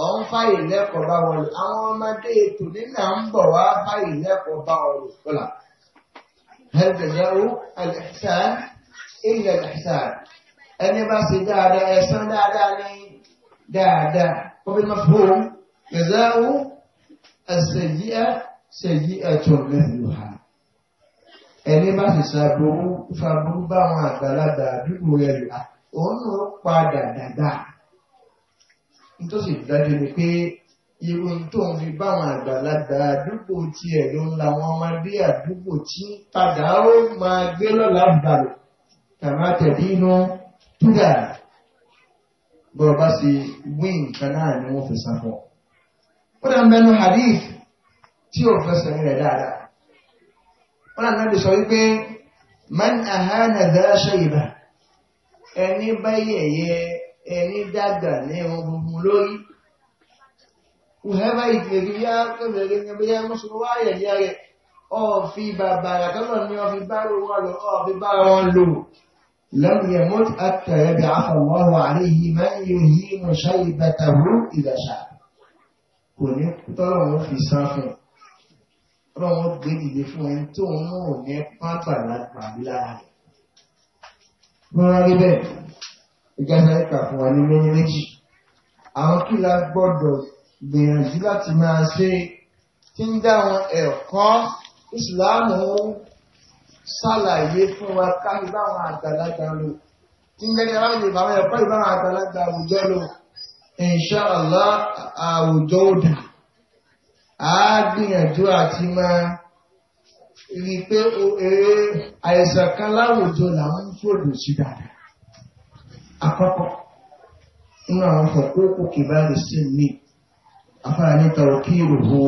ọ̀n fàyè lẹ́kọ̀ọ́ bá wọlé àwọn ọmọdé ètò nínà ń bọ̀ wá fàyè lẹ́kọ̀ọ́ bá wọlé kọ́là. ẹgbẹ̀dáwó alẹ́sàn ilẹ̀ alẹ́sàn ẹni bá ṣe dáadáa ẹ̀sán dáadáa ní dáadáa kọ́bí máa fún un ẹ̀záwó ẹsẹ̀yíẹ́ sẹ̀yí ẹ̀tọ́ mẹ́rin ha ẹni bá sì ṣàbòrú fàbúrú bá àwọn àgbàlagbà àdúgbò rẹ̀ là òun náà padà dàgbà nítòsí dájú ni pé irú tó ń fi báwọn àgbàlagbà àdúgbò tiẹ̀ ló ń la wọn ọmọdé àdúgbò tí padà ó máa gbé lọ́la balẹ̀ tàbá tẹ̀lé inú túdà bọ́ọ̀ bá sì wí nǹkan náà ni wọ́n fi sáfọ́ ó dà ń bẹnu hadith tí ò fẹsẹ̀ rẹ̀ dáadáa wọ́n náà nàbì sọ wípé man ahana dá ṣèyíbà ẹni bá yẹ̀yẹ́ ẹni dàgbà ní ohun gbogbo lórí whoever is lèkì yá kébèrè ní ẹgbẹ́ yá mọ́sùn wá yẹ̀yẹ́ rẹ̀ ọ̀fi bàbàrà tọ́lọ̀ ní ọ̀fi bára wọn lò ọ̀fi bára wọn lò لم يمت حتى يبعث الله عليه من يهين شيبته إذا شاء kò ní tọ́lọ́run fi san fún ọlọ́run gbé dìde fún ẹni tó ń mú òní pátá lágbàbí lára rẹ̀. rárá rí bẹ́ẹ̀ ìjà sáré kà fún wa ní méjèèjì àwọn kìlá gbọ́dọ̀ gbìyànjú láti máa ṣe tí ń dá àwọn ẹ̀kọ́ ìsìláàmù ṣàlàyé fún wa káfí báwọn àgbàlagbà lò tí ń gẹ́gẹ́ báwọn ẹ̀kọ́ ìbáwọn àgbàlagbà àwùjọ lò inṣàlá àwùjọ òdà á gbìyànjú àti máa rí i pé àìsàn kan láwùjọ làwọn ń fòdò sí dáadáa àkọ́kọ́ nínú àwọn fọ̀kókò kìbáàrì sí mi afárá níta òkè ìròhó.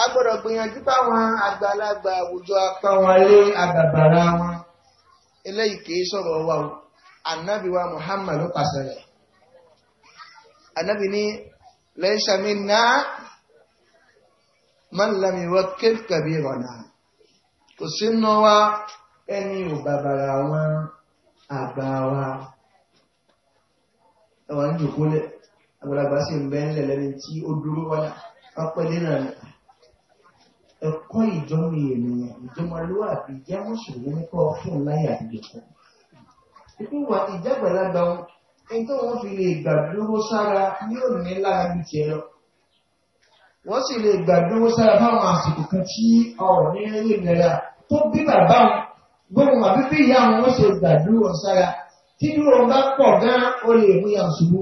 a gbọ́dọ̀ gbìyànjú báwọn àgbàlagbà àwùjọ apá wọn lé àgbàbàrà wọn eléyìí kì í sọ̀rọ̀ wa o ànábì Muhammadu pàṣẹ rẹ̀ anábì ní laysa minna man lam yuwaqqif kabirana kò sínú wa ẹni ò bàbàrà wọn àgbà wa ẹwà ń jòkó lẹ àgbàlagbà sì ń bẹ ń lẹlẹni tí ó dúró wáyà ọpẹ́ nínú rẹ ẹ̀kọ́ ìjọmi ènìyàn ìjọmọlúwàbí jẹ mùsùlùmí kọ fún láyà ìjọkọ ìpínwà ìjàgbàlagbà nítorí wọ́n fi lè gbàdúró sára yóò ní lára bí tiẹ̀ lọ. wọ́n sì lè gbàdúró sára fáwọn àsìkò kan tí ọ̀rọ̀ ní ilé ìlera tó bí bàbá wọn gbóhùn àbí bí ìyá wọn wọ́n ṣe gbàdúró sára tí dúró bá pọ̀ gan-an ó lè mú yàn ṣubú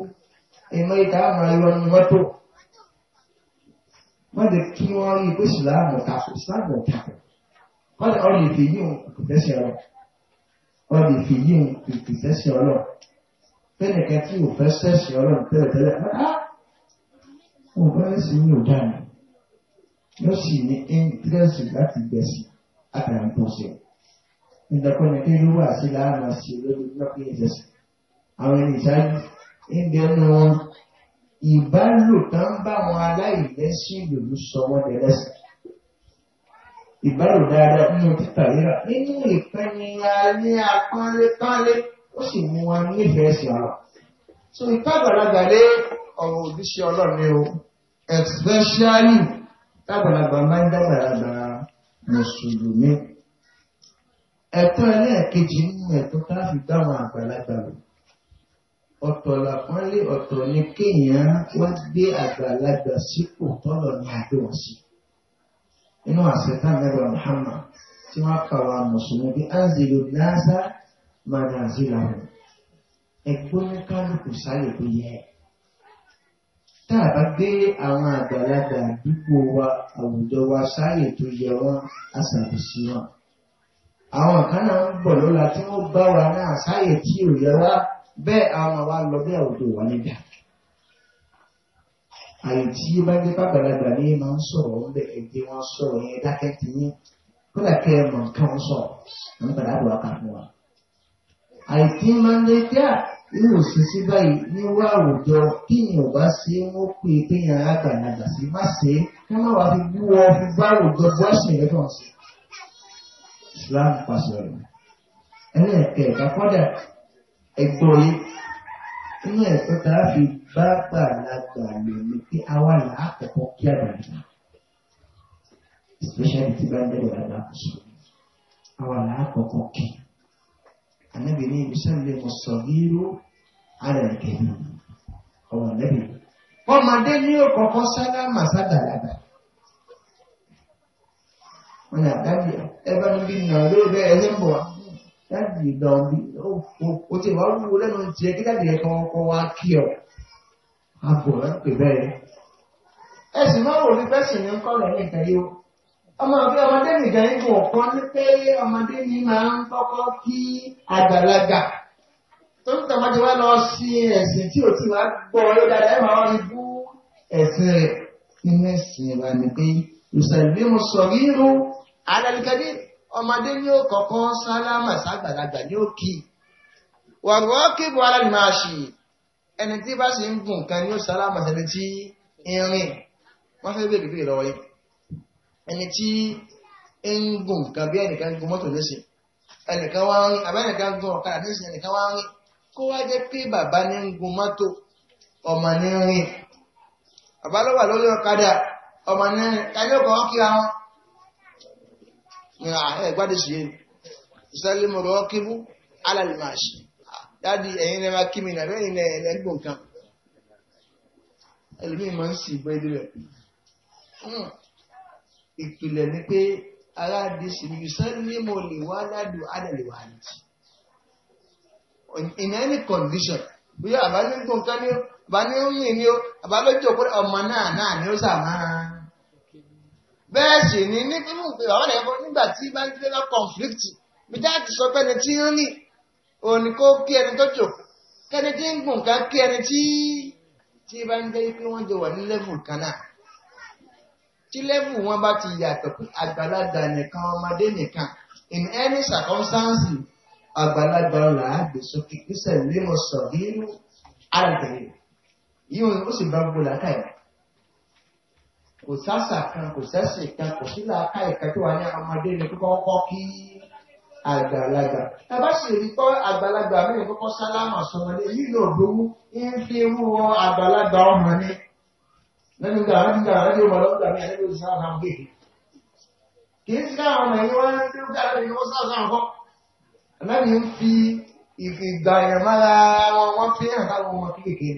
ìmọ̀ ìta àmọ́ ayọ̀ ni wọ́n tó. wọ́n lè kí wọ́n rí ipò ìsìláàmù tako ìsìláàmù tako wọ́n lè fi yíwọn kò tẹ̀sí ọlọ́ wọ́n lè fi yíwọn kò tẹ̀sí ọlọ́ fẹ́nìkan tí ò fẹ́ sẹ́sìn ọlọ́run tẹ́lẹ̀tẹ́lẹ̀ wọn bá ẹ̀sìn ah, ah, ní ọ̀daràn yóò sì ní íńtírẹ́sì láti gbẹ̀sìn àtàǹtọ̀sẹ̀ ìdàkọ́ni kí ló wà sí láàmà sí lórí lọ́pẹ́ ìjẹsìn àwọn ẹni ìṣáájú níbi ẹnu wọn ìbálòtán bá wọn aláìlẹ́sìn ìlú sọ wọ́n dẹ̀lẹ́sìn nínú títà rírà nínú ìpẹ́ni ní apọ́nlé pọ́nlé ó sì mú wọn nífẹ̀ẹ́ sí ọlọ so ìka àgbàlagbà lé ọ̀rọ̀ òdíṣẹ́ ọlọ́run ni o especially tágbàlagbà máa ń dàgbàlagbà mùsùlùmí ẹ̀tọ́ ẹlẹ́ẹ̀kejì nínú ẹ̀tọ́ káfí dáwọn àgbàlagbà lò ọ̀tọ̀ làpọ́nlé ọ̀tọ̀ ni kéèyàn wá gbé àgbàlagbà sípò tọ́lọ̀ ní àdéhùn sí inú àṣetá mẹ́rin Muhammad tí wọ́n kà wá mùsùlùmí bí anzilu nasa máa síra wọn ẹgbẹ́ kálukú sáyè tó yẹ tá a bá gbé àwọn àgbàlagbà àdúgbò wa àwùjọ wa sáyè tó yẹ wọn àṣàbùsí wọn àwọn kan náà ń bọ̀ lọ́la tí wọ́n bá wa náà sáyè tí ò yẹ wá bẹ́ẹ̀ àwọn àwa lọ bí àwùjọ wà nígbà àyè tí ó bá jẹ́ bàgbàlagbà ní máa ń sọ̀rọ̀ ń bẹ̀ ẹgbẹ́ wọn sọ̀rọ̀ yẹn dákẹ́ tì yín kó dà kẹ́ mọ̀ nǹkan sọ̀rọ̀ ń padà bọ̀ wá kà fún wa àìsí máa ń jẹ́ kí irú òṣìṣẹ́ báyìí nírú àwùjọ kíyìn ò bá ṣe é wọ́n pè é kéèyàn àgànàgà sí má ṣe é kí wọ́n wá fi bú ọ fi bá àwùjọ bó ẹ̀sìn kàn sí. Islam pàṣẹ rẹ̀ ẹlẹ́ẹ̀kẹ́ ẹ̀ka kọ́dà ẹ̀gbọ́n yìí nínú ẹ̀kọ́ tá a fi bá gbàlagbà lò ní pé àwa là á kọ̀kọ́ kí àgbàlagbà especially tí bá ń bẹ̀rẹ̀ àgbà kò sọ̀rọ̀ àwa là á kọ̀kọ́ kí anabi ní bisalẹ mọsọgìrò alẹkẹbi ọmọ anabi ọmọdé ní òkòkò sálámà sádàlàdà wọn yà dábì ẹ bá níbi nà lórí bẹ ẹ ń bọ wá dábì gan bí o ti wà wúwo lẹ́nu tiẹ kí dábì ẹ kàn kọ wá kí ọ àbọ̀ ẹ pè bẹ́ẹ̀ ẹ sì máa wò ní bẹ́sìn ní ń kọ́ rẹ̀ nìkan ọmọ àbí ọmọdé nìkan yìí wọ̀ kọ́ ní pé ọmọdé ni máa ń kọ́kọ́ kí àgbàlagbà tó ń tọ́mọdé wá lọ sí ẹ̀sìn tí ò ti wá gbọ́ ọ dáadáa ẹ̀ máa wọ́n bú ẹ̀sìn rẹ̀ nínú ẹ̀sìn wa ni pé ìṣẹ̀lẹ̀ mo sọ rírú alálìkadì ọmọdé ni ó kọ́kọ́ sálámà sàgbàlagbà ni ó kì í wàrúwọ́ kébù alálìmáṣì ẹni tí bá sì ń gùn kan ni ó sálámà sẹ́ni tí ń wọ́n fẹ́ bèbè bèbè lọ́wọ́ yìí. ẹni tí ń gùn nǹkan bí ẹnìkan gùn mọ́tò lẹ́sìn ẹnìkan wá ń abẹ́nìkan gùn ọ̀kadà lẹ́sìn ẹnìkan wá ń rìn kó wá jẹ́ pé bàbá ní ń gùn mọ́tò ọmọ ní ń rìn bàbá ló wà lórí ọ̀kadà ọmọ ní ń rìn kíra wọn. ẹ gbádùn sí yẹn máa ṣe dáàdi ẹ̀yin máa kí mi ìpìlẹ̀ ni pé aládìsí ni yusallimu lè wá ládù ádàlè wà ní in any condition bí àbá ní nǹkan kan ní àbá ní yìn ní o àbá lójú òkú ọmọ náà náà ni ó sàmà. bẹ́ẹ̀ sì ni ní nínú ìpè bàbá rẹ̀ fún nígbà tí bá ń gbé lọ conflict bí dáàtì sọ pé ẹni tí ń rìn òní kó kí ẹni tó jò kẹ́ni tí ń gùn ká kí ẹni tí tí bá ń jẹ́ pé wọ́n jọ wà ní level kan náà tí lẹ́bù wọn bá ti yàtọ̀ pé àgbàlagbà nìkan ọmọdé nìkan in any circumstance àgbàlagbà ọ̀là àgbèsókè ìṣẹ̀ mímọ sọ̀rọ̀ inú àgbẹ̀yẹ yíò ó sì bá gbogbo làákà yìí kò sásà kan kò sẹ́sìn kan kò sí làákà ìka tó wà ní ọmọdé ní kọ́kọ́ kí àgbàlagbà tàbá sì rí pọ́ àgbàlagbà mẹ́rin kọ́kọ́ sálámà sọmọdé yìí yóò dowó ń fi irú àgbàlagbà ọmọ ní lẹ́nu gbà rẹ̀ gbà rẹ̀ yóò wọ́n lọ́gbà rẹ̀ ló sáà sáà gbé kì í sí àwọn ọmọ ẹ̀yìn wọ́n tí ó gbà rẹ̀ yóò sáà sáà kọ́ lẹ́nu ń fi ìgbà yẹn mára wọn wọ́n fi hàn táwọn ọmọ kéékèèké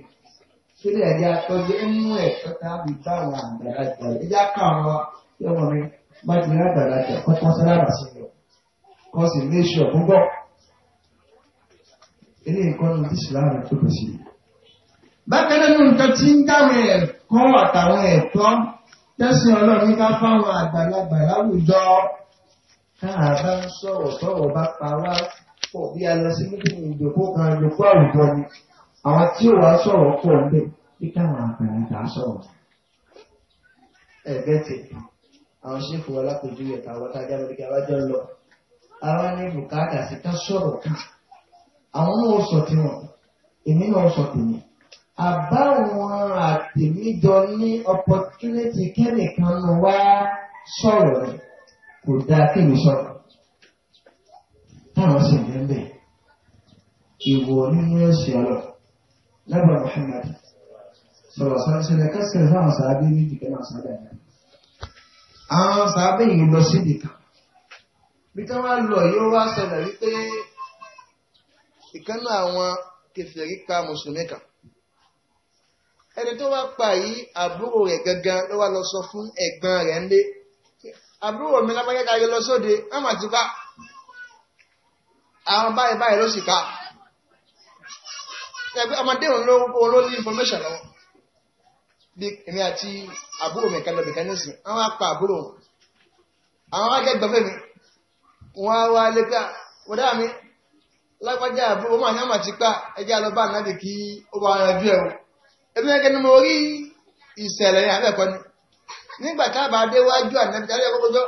sílẹ̀ ẹ̀jẹ̀ àtọ́jú ẹnu ẹ̀kọ́ tábí táwọn àgbàlagbà ẹ̀jẹ̀ àkàwọn kọ́ àtàwọn ẹ̀tọ́ tẹ́sí ọlọ́run ká fáwọn àgbàlagbà láwùjọ káàbá ń sọ̀rọ̀ sọ̀rọ̀ bá pa wá pọ̀ bí a lọ sí mídìí ìjòkó kan ìjòkó àwùjọ ni àwọn tí ò wá sọ̀rọ̀ pọ̀ ń bẹ̀ bí káwọn àgbàlagbà sọ̀rọ̀. ẹ̀gbẹ́ ti àwọn ṣéfù alákòjú ẹ̀ka àwọn tá a jábọ̀ nígbà wájọ́ lọ àwọn ní bùkátà sí ká sọ̀rọ̀ kan àwọn náà sọ tiwọn èmi náà sọ tèmi àbáwọn àtẹ̀míjọ ní opportunity kẹ́nìkan wá sọ̀rọ̀ rẹ̀ kò dáa kí ni sọ̀rọ̀ táwọn sì ń bẹ̀ ìwọ nínú ẹ̀sìn ọ̀rọ̀ lẹ́bàá Muhammad sọ̀rọ̀ sọ̀rọ̀ kẹ́sì fáwọn sàábé méjì kẹ́nà sàábé àná àwọn sàábé yìí lọ sí nìkan bí ká wá lọ yóò wá ṣẹlẹ̀ wípé ìkànnà àwọn kẹfìrí pa mùsùlùmí kan ẹni tó wá pa yìí àbúrò rẹ̀ gangan ló wá lọ sọ fún ẹ̀gbọ́n rẹ̀ ńlé àbúrò mi lápá kẹ́kẹ́ ayé lọ sóde ọmọ ti ká àwọn báyìí báyìí ló sì ká ẹgbẹ́ ọmọdé òun ló òun ló ní information lọ́wọ́ bí èmi àti àbúrò mi kan lọ bìkan ní sìn àwọn apá àbúrò wọn àwọn akẹ́gbẹ́ fẹ́ mi wọ́n wá lé pé wọ́n dá mi lápájá àbúrò wọn àti àmà ti ká ẹjẹ́ àlọ́ bá ànábì kí ó bá yanjú ẹ̀ wọ́n ẹbí ni mo rí ìṣẹ̀lẹ̀ yẹn abẹ́ẹ̀kọ́ ni nígbà tá a bá dé wájú ànábi tá a lè kọ́kọ́ jọ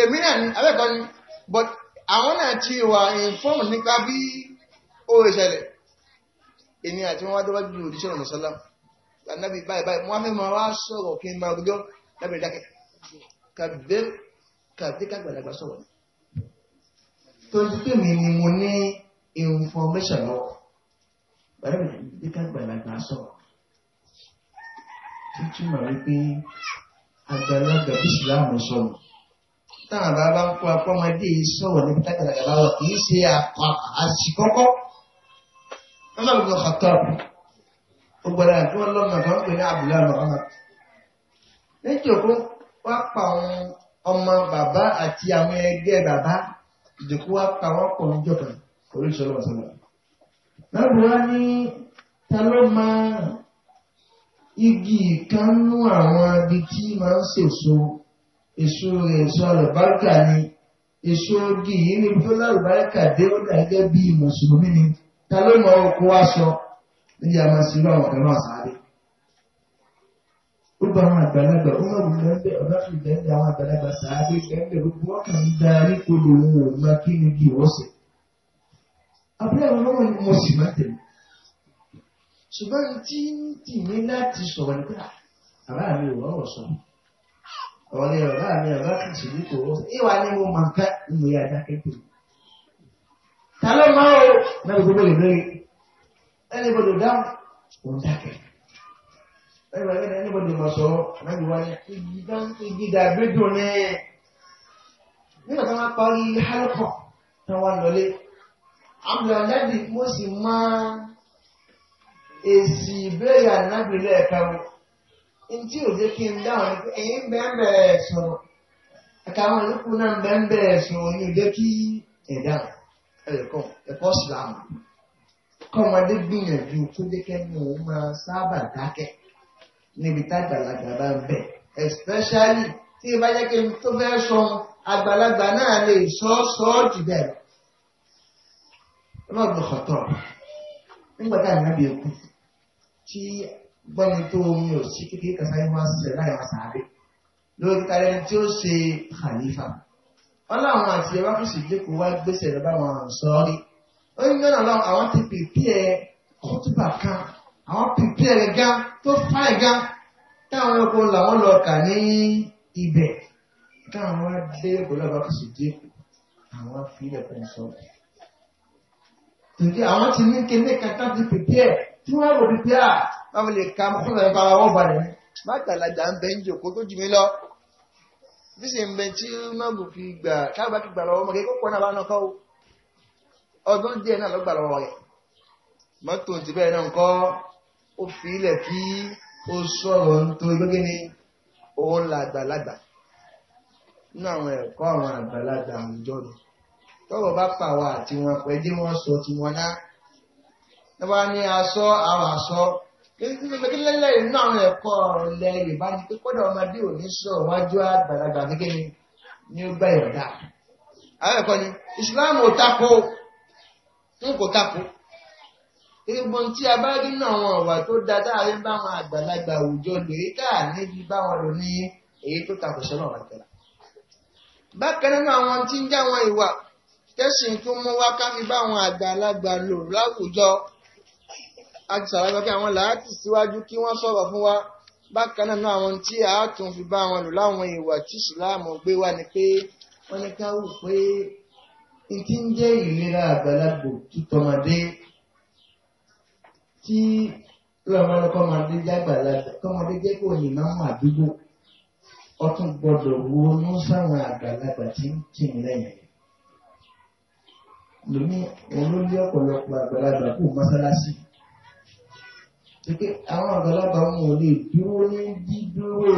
èmi náà ni abẹ́ẹ̀kọ́ ni but àwọn náà ti wà informed nípa bí ó ìṣẹ̀lẹ̀ èmi àti wọn wá dé wájú òdìṣẹ́ ọ̀nà sọ́lá ànábi báyìí báyìí wọn fẹ́ máa wá sọ̀rọ̀ kí n máa rojọ́ lábẹ́rẹ́ dákẹ́ kàbẹ́ kàbẹ́ kàgbàlagbà sọ̀rọ̀ tó ti pè mí ni mo ní information lọ́wọ́ báyọ̀ ní bí kágbàlagbà sọ̀rọ̀ tó túmọ̀ wípé àgbàlagbà bí ìsìláàmù sọ̀rọ̀ táwọn bàbá ń kó apọ́mọdé sọ̀rọ̀ níbi kágbàlagbà bá wà kì í ṣe àṣìkọ́kọ́ ọmọ ìgbà kọ̀tọ́ ó gbọ́dọ̀ àti wọn lọ́mọ kan ń pè ní àbúlé ọmọ nítorí wọ́n pa àwọn ọmọ bàbá àti àwọn ẹgbẹ́ bàbá ìdòkú wa pa wọ́n pọ̀ níjọba oríṣiríṣi ọlọ́mọ sọ̀rọ̀ lábúrá ní ta ló máa igi ìkánú àwọn agi tí máa ń ṣèso èso rẹ̀ èso àlùbáríkà ni èso igi yìí ní fúlẹ̀ àlùbáríkà dé ó dà gẹ́gẹ́ bí mùsùlùmí ni ta ló mọ oko wá sọ níbi àwọn ìṣirò àwọn ọ̀dọ́ náà sáré. ó gba àwọn àgbàlagbà ó máa wùdí ẹgbẹ́ ọ̀dọ́ fi bẹ́ẹ̀ àwọn àgbàlagbà sáré bẹ́ẹ̀ lè rúbọ́ ń darí kó lòun ò máa kí ni bí wọ́n sẹ̀ abúlé àwọn ọlọ́wọ́ ni mo sì máa tẹ̀lé ṣùgbọ́n tí ń tì ní láti sọ̀rọ̀ nípa ah, bàbá mi ò rọrọ̀ sọ ọ̀rọ̀ ni bàbá mi bàbá kì í sì ní kò rọ́ ìwà ni mo máa ká ìmọ̀ ya dákẹ́kẹ́ ta ló máa ó mẹ́rin gbogbo lè lóye ẹni gbọdọ̀ dáhùn òun dákẹ́ ẹni gbọdọ̀ ẹni gbọdọ̀ mọ̀ sọ mẹ́rin wá ní ìgbìgà gbẹ́dùn ní nígbà tí wọ́n parí hálùkọ̀ tí wọ́n lọlé amúlẹ̀lẹ́bì mo sì mọ èsì ìbéèrè ànágbélé ẹ̀ka wo ntí ò jẹ́ kí n dáhùn ní pé ẹ̀yin bẹ́ẹ̀ sọ̀rọ̀ ẹ̀ka àwọn ìlúkù náà bẹ́ẹ̀ sọ̀rọ̀ ní ò jẹ́ kí ẹ̀dá ẹ̀kọ́ ẹ̀kọ́ sìlámù kọ́mọdé gbìyànjú tó jẹ́ kẹ́nu òun máa sábà dákẹ́ níbi tá àgbàlagbà bá ń bẹ̀ especially tí ìbá jẹ́ kí n tó fẹ́ sọ àgbàlagbà náà lè sọ sọ́ọ́ jù ọlọ́ọ̀dún kọ̀tọ̀ nígbà tá ànábì ẹ̀kú tí gbọ́ni tó omi ò sí kékeré kan sáré wá sílẹ̀ láì wá sàárè lórí kíkárẹ́ ẹni tí ó ṣe khalifa wọn láwọn àti ẹ̀rọ fún sídìkù wá gbèsè rẹ̀ báwọn sọ́ọ́rí ó ní mẹ́rin ọlọ́run àwọn ti pèpè ẹ kọ́tùbà kan àwọn pèpè ẹ gan tó fáì gan táwọn ẹranko làwọn lọ kà ní ibẹ̀ káwọn wá dé ìbòlọ́ọ̀bá fún sídìkù àwọn fi ilẹ̀ pẹ̀lú nké àwọn ti ní kéne kata ti pèpè tí wọ́n rò pèpè à báwo lè ka fún ẹ̀rọ bá wọ́n balẹ̀ má tàlàjà ń bẹ ń jòkó tó jù mí lọ bí sì ń bẹ tí mọ́gùn fi gbà káàbà fi gbà lọ́wọ́ mọ́gẹ́ kókó náà bá nà kọ́ o ọdún díẹ̀ náà ló gbà lọ́wọ́ rẹ̀ mọ́tò ti bẹ́ẹ̀ náà kọ́ ó fi ilẹ̀ kí ó tọ́rọ̀ bá pa àwọn àti wọn pẹ̀lú wọn sọ ti wọn dá lọ́wọ́ ní aṣọ àwọn aṣọ kílẹ̀lẹ̀ inú àwọn ẹ̀kọ́ ilẹ̀ Yorùbá ni pé kódà ọmọdé ò ní sọ wájú àgbàlagbà gẹ́gẹ́ ni ní ó gbà ìrọ̀dá àwọn ẹ̀kọ́ ni ìsìláàmù ò tako ní kò tako egbon tí a bá rí náà àwọn ọ̀wà tó da táàrí bá àwọn àgbàlagbà àwùjọ lèyí káà níbi báwọn lò ní èyí tó tako sọ́nà wà tẹ̀lá bákan náà àwọn tí ń já wọn ìwà kẹ́sìn tún mú wá kámi báwọn àgbàlagbà lò láwùjọ a ti sàlàyé pé àwọn làátì síwájú kí wọ́n sọ̀rọ̀ fún wa bákan náà náà àwọn tí a tún fi bá wọn lò láwọn ìwà tí ìsìláàmù gbé wá ni pé wọ́n ní ká wù pé n ti ń jẹ́ ìlera àgbàlagbò títọ́mọdé tí lọ́mọdé kọ́mọdé jágbàlagbà kọ́mọdé jẹ́ kó yìn máa ń àdúgbò ọtún gbọ́dọ̀ wo ní sáwọn àgbàlagbà tí ń tì lẹ́yìn lóní òun ló lé ọ̀pọ̀lọpọ̀ àgbàlagbà kù mọ́sálásí. Pé àwọn àgbàlagbà wọn ò lè dúró ní dídúró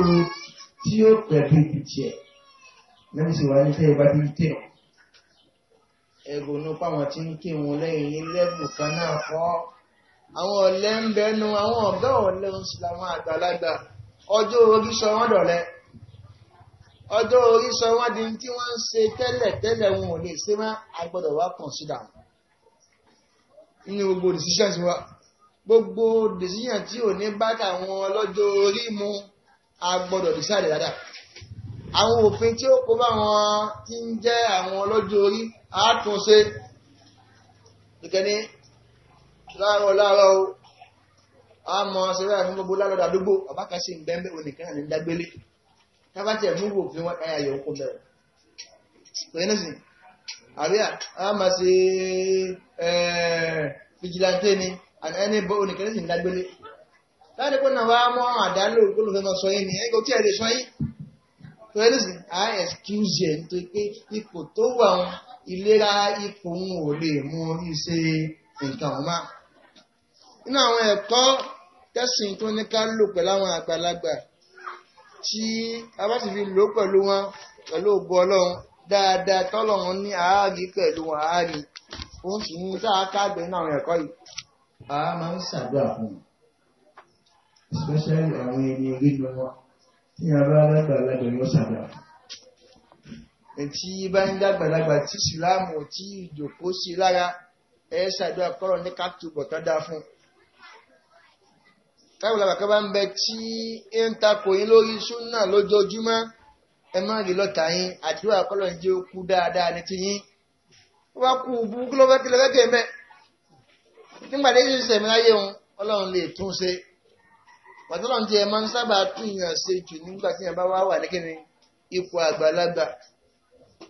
tí ó pẹ̀lú ibi tiẹ̀. Lẹ́yìn sì wá ní tẹ́ ìbá bíi tẹ̀. Ẹ̀gbọ́n nípa àwọn tí ń ké wọn lẹ́yìn ní lẹ́bù kan náà fọ́. Àwọn ọ̀lẹ́ ń bẹnu àwọn ọ̀gá ọ̀lẹ́ oṣù làwọn àgbàlagbà ọjọ́ orí sọ wọ́n dọ̀lẹ́ ọjọ́ orí sọ wọ́n di tí wọ́n ń ṣe tẹ́lẹ̀ tẹ́lẹ̀ wọn ò lè ṣe má agbọ́dọ̀ wá consider nínú gbogbo decisions wa gbogbo decision tí ò ní bá tàwọn ọlọ́jọ́ orí mu agbọ́dọ̀ decide dáadáa àwọn òfin tí ó kó bá wọn ti ń jẹ́ àwọn ọlọ́jọ́ orí àtúnṣe ìkẹ́ni láàárọ̀ láàárọ̀ o àmọ́ ṣe báyìí fún gbogbo lálọ́dà àdúgbò àbákàṣe ìgbẹ́ńbẹ́ onìkan ní dágbélé tábà tẹ̀ mú wò pé wọ́n káyà yọ kó bẹ̀rẹ̀ pẹ̀lú ní sìn àbí a máa ṣe fìjìláńtì ni and any boy oníkẹ́lẹ́ sì ń dágbélé láti pé náà wá mọ́ àdálò olùfẹ́ máa sọ yín ni ẹ̀kọ́ tí ẹ̀ lè sọ yín pẹ̀lú ní sìn a excuse yẹn nítorí pé ipò tó wà wọn ìlera ipò wọn ò lè mú orí ṣe nǹkan ọ̀ma nínú àwọn ẹ̀kọ́ tẹ̀sìn tó ní ká lò pẹ̀lú àwọn àgbàlagbà tí a bá sì fi lò pẹ̀lú wọn pẹ̀lú ògbó ọlọ́run dáadáa tọ́lọ́run ní àárí pẹ̀lú wọn àárí òun sì ní sáà káàgbé náà ẹ̀kọ́ yìí. a máa ń ṣàdúrà fún un especially àwọn ẹni nínú wọn tí a bá lágbàlagbà yóò ṣàdúrà fún un. ètí bá ń dàgbàlagbà tí ìsìláàmù tí ìjòkó sí lára ẹ ṣàdúrà kọ́rọ̀ ní ká túbọ̀ tó dáa fún un táwọn àgbàkan bá ń bẹ tí ń takò yín lórí súnà lójoojúmọ́ ẹ má rí lọ́tà yín àti wà kọ́lọ̀ ń jẹ́ okú dáadáa ní ti yín wá kú burúkú ló fẹ́ kí lọ fẹ́ kẹ́ mẹ́ nígbà tí yíṣẹ́ sẹ̀mí láyé òun ọlọ́run lè tún ṣe pàtọ́lọ́run ti ẹ̀ máa ń sábà tún yàn ṣe jù nígbà tí yàn bá wá wà ní ipò àgbàlagbà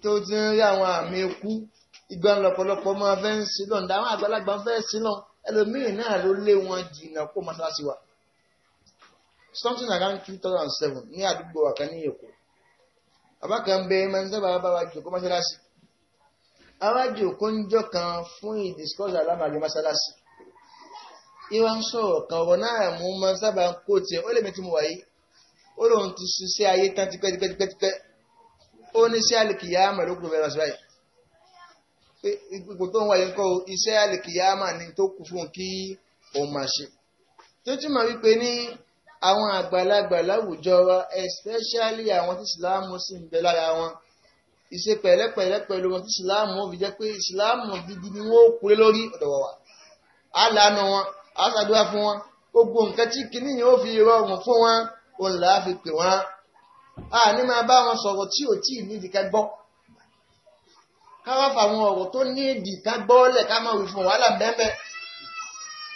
tó ti ń rí àwọn àmì ikú ìgbà lọ́pọ̀lọpọ̀ máa fẹ́ ń sílọ̀ ǹdà àwọn àgbàlagbà ń sílọ̀ ẹlòmíràn náà ló lé wọn jìnnà kó mọ́ṣáláṣí wa something around 2007. thousand seven ní àdúgbò àkàn ní èkó bàbá kan bẹ ẹ máa ń sábà bá wa jòkó mọ́ṣáláṣí àwa jòkó ń jọ kan fún ìdíṣkọ́sì alámàgbé mọ́ṣáláṣí ìwà ń sọ̀rọ̀ kan ọ̀rọ̀ náà mú máa ń sábà ń kó tiẹ̀ ó lè mi ti mú wáyé ó lóun ti ṣiṣẹ́ ayé tán tipẹ́tipẹ́tipẹ́ ó ní sí àlìkìyà àmà ló kù fẹ́ lọ́sọ̀ báyìí ipò tó ń wáyé ńkọ́ iṣẹ́ àlìkìyà àmà ni tó kù fún kí òun máa ṣe tó túmọ̀ wípé ní àwọn àgbàlagbà láwùjọ wa especially àwọn tí ìsìláàmù sì ń bẹ lára wọn ìṣe pẹ̀lẹ́pẹ̀lẹ́ pẹ̀lú wọn tí ìsìláàmù ó fi jẹ́ pé ìsìláàmù gidi ni wọ́n ó kúrẹ́ lórí ọ̀dọ̀wọ̀ wa á lànà wọn á ṣàdúrà fún wọn gbogbo nǹkan tí kinní yìí ó fi rọrùn fún wọn òun là á fi pè wọn á ní máa bá wọn sọ̀rọ̀ tí ò tí ì ní ìdíkẹ́ gbọ́ ká fà àwọn ọ̀rọ̀ tó ní ìdí gbọ́ lẹ̀ ká máa wí fún wàhálà bẹ́ẹ̀ bẹ́ẹ̀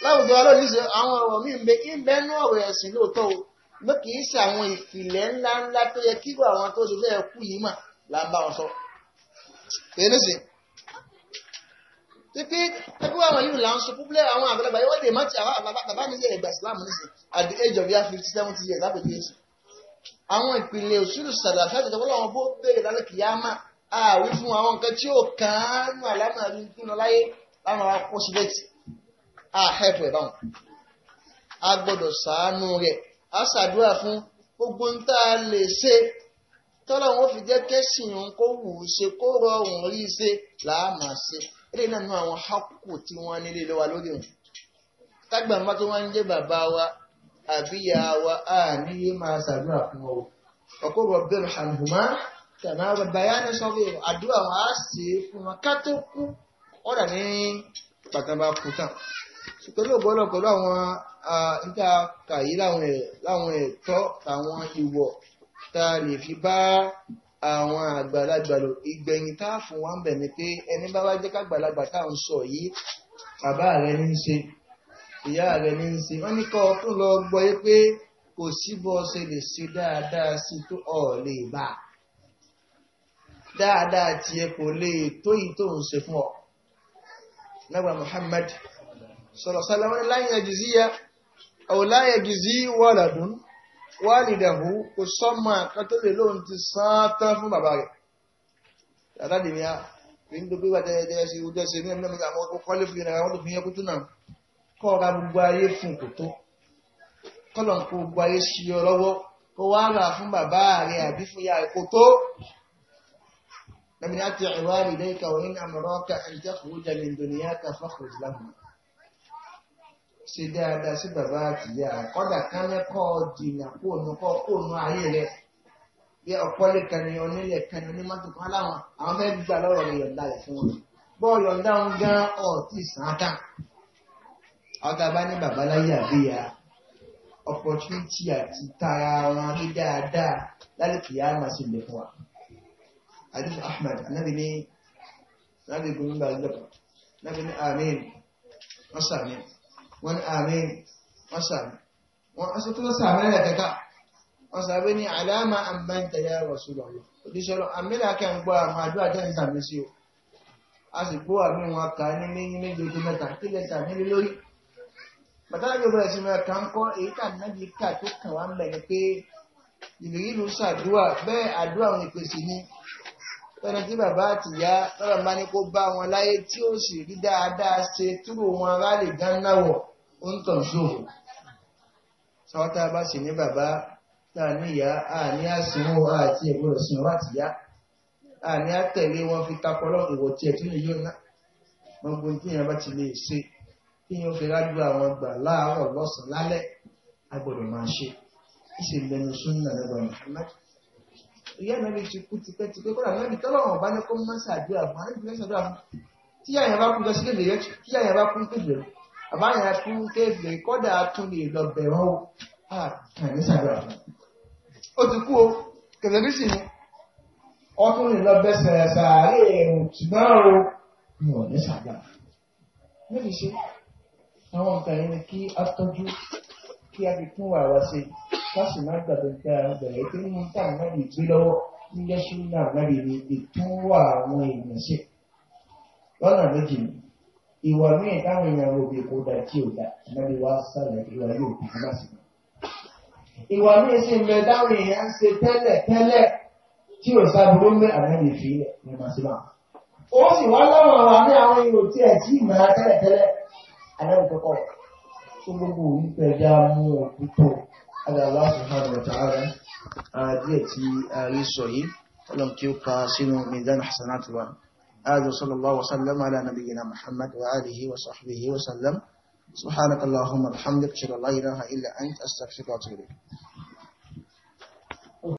láwùjọ ọlọ́run ṣe àwọn ọ̀rọ̀ míì bẹ ìbẹ́nú ọ̀rọ̀ ẹ̀sìn lóòótọ́ o ló kì í ṣe àwọn ìfìlẹ̀ ńláńlá tó yẹ kí àwọn tó ṣe bẹ́ẹ̀ kú yìí mà là ń bá wọn sọ. èyí sì títí ẹgbẹ́ àwọn yìí là ń sọ púpọ̀ àwọn àgbàlagbà yìí wọ́n dè má ti àwọn bàbá mi yẹ ẹgbà sílámù nísìn at the age of year fifty seventy years lápèjì èsì. àwọn ìpìlẹ̀ òṣèlú sàdà fẹ́ẹ́ tẹ̀wọ́ làwọn bó bẹ̀rẹ̀ lálẹ́ kìyàmá àwí fún àwọn nǹkan tí àhẹ́pù ẹ̀ báwọn a gbọdọ sàánú rẹ̀ a fún gbogbo a lè ṣe tọ́lá wọn fi jẹ́ kẹ́sìn kó wù ú ṣe kó rọrùn rí ṣe ṣe eléyìí náà nú àwọn hákù tí wọ́n nílé lọ́wọ́ lórí wọn ń jẹ́ bàbá wa àbíyá wa á nílé máa ṣàdúrà fún ọ ọkọ rọbẹ hànhùmá tàbí àwọn bàbá yá sọ àdúrà wọn ṣe é fún wọn kú ọ̀dà ní pẹ̀lú ọ̀gbọ́dọ̀ pẹ̀lú àwọn níta kàyí láwọn ẹ̀tọ́ àwọn ìwọ̀ tá a lè fi bá àwọn àgbàlagbà lò ìgbẹ̀yìn tá a fún wa ń bẹ̀ ni pé ẹni bá wá jẹ́ kágbàlagbà tá à ń sọ yìí bàbá rẹ̀ ní í ṣe ìyá rẹ̀ ní í ṣe wọ́n ní kọ́ tó lọ gbọ́ yé pé kò sí bọ́ ṣe lè ṣe dáadáa sí tó ọ̀ lè bá dáadáa tiẹ̀ kò lè tó yìí tó ń ṣe fún ọ. Nàgbà Muhammad sọ̀rọ̀ sálẹ̀ wọn láyìn àjìzíyà àwòláyà gìzí wàlàdún wàlìdàhù kò sọ́mọ àkàtọ́lẹ̀ lóhun ti sàn tán fún bàbá rẹ̀ dàdá dèmi a kì í dókè wà dẹ́yẹdẹ́yẹ sí ojú ẹsẹ̀ ní ẹ̀mí àwọn ọkọ̀ kọ́lé fún yẹn àwọn tó fi yẹ kútú náà kọ́ ọ̀ra gbogbo ayé fún kò tó kọ́lọ̀ ń kó gbogbo ayé sí ọ lọ́wọ́ kó wá rà fún bàbá rẹ̀ àbí fún yàrá kò tó lẹ́mìnà ti ẹ̀rọ àrídẹ́ ìkàwé ní àmọ̀ràn ọkà ẹ̀jẹ̀ kò jẹ́ mi ìdòníyà kà fọ́kùrù láwọn ṣe dáadáa sí bàbá àtìyá kọ́dà kan lẹ́kọ́ dìnnà kóònù kọ́ kóònù ayé rẹ bí ọ̀pọ̀lẹ̀ kan ní onílẹ̀ kan ní onímọ́tò kan láwọn àwọn fẹ́ gbà lọ́rọ̀ rẹ̀ yọ̀ǹda rẹ̀ fún wọn bọ́ọ̀lù yọ̀ǹda wọn gan ọ̀tí sàátà ọ̀gá bá ní bàbá láyé àbíyá opportunity àti tara wọn rí dáadáa lálẹ́ kìí á máa ṣe fún wa. Adif Ahmed, anábì ní, anábì gúnmí bá lọ́pọ̀, anábì ní Amin, wọ́n sàmì wọ́n ní àmín wọ́n sàmì wọ́n aṣọ tó sàmì rẹ̀ kẹta wọ́n àdáàmà àmẹ́ntẹ̀ yà Rasulullah òdíṣẹ́lọ́ àmìlà kẹ́ ń gbọ́ àmà àdúrà jẹ́ ń sàmì sí o a sì gbọ́ àmì wọn kà ní méjì méjì ojú mẹ́ta kí lè sàmì lórí bàtà yóò bẹ̀rẹ̀ sí mẹ́ta ń kọ́ èyí tà nábì ká tó kàn wá ń bẹ̀ ni pé ìbìrìlù sàdúà bẹ́ẹ̀ àdúrà òun ìpèsè ni lọ́nà tí bàbá àtìyá lọ́nà bá ní kó bá wọn láyé tí ó sì rí dáadáa ṣe túrò wọn bá lè dáná wọ̀ ó ń tàn ṣòfò. sọ́wọ́n a bá sì ní bàbá tá a ní ìyá a ní àsìnwó àti ìgbọ́dọ̀ sìn wá àtìyá a ní àtẹ̀lé wọn fi takọ́lọ́ ìwọ̀ tiẹ̀ tún lè yóò ná. gbogbo tí èèyàn bá ti lè ṣe kí èèyàn fi rájú àwọn gbà láàárọ̀ lọ́sàn-án lálẹ́ a máa ṣe. ìṣèlú ẹnu sún ìyá ìnáwó ṣe kú tipẹ́tipẹ́ kódà wọn ni tọ́lọ́wọ̀n ọba ní kó mọ́ ṣàdúrà fún àwọn ìgbésẹ̀ ṣàdúrà fún tí ìyá yẹn bá kú lọ sí kébìrì tí ìyá yẹn bá kú kébìrì àbá yẹn kú kébìrì kódà tún lè lọ bẹ̀rọ o àkànní ṣàdúrà fún ó ti kú o kẹsẹ̀bí sì ni ọtún lè lọ bẹsẹ̀ ṣàárẹ̀ ẹ̀rùn ṣùgbọ́n o mi ò ní ṣàdúrà níbi ṣe àwọn nǹkan yẹn ni kí a tọ́jú kí a fi kún wàrà sí i káàsì má gbàgbé pé àwọn bẹ̀rẹ̀ pé ní tá à ń náà gbé lọ́wọ́ ní yẹ́sù náà náà ní ètò wà àwọn èèyàn ṣe lọ́nà méjì ni ìwà míì táwọn èèyàn rò bí kò dáa tí ò dáa ànábi wá sálẹ̀ ìwà yóò kú fún láti mọ̀. ìwà míì sì ń bẹ táwọn èèyàn ń ṣe tẹ́lẹ̀ tẹ́lẹ̀ tí ò sábúrú mẹ́ ànábi fi ilẹ̀ ní màsímà. ó sì wá láwọn àwọn àmì àwọn èrò tí ẹ̀ tí ìmọ̀ على Allah subhanahu wa ta'ala díẹ̀ tí a rí sọ yìí ọlọ́n kí ó ka sínú mizan hasanati wa azu sallallahu wasallam ala nabiyyina muhammad wa alihi wa sahbihi wa sallam subhanakallahumma alhamdulillah la ilaha illa anta astaghfiruka wa atubu ilayk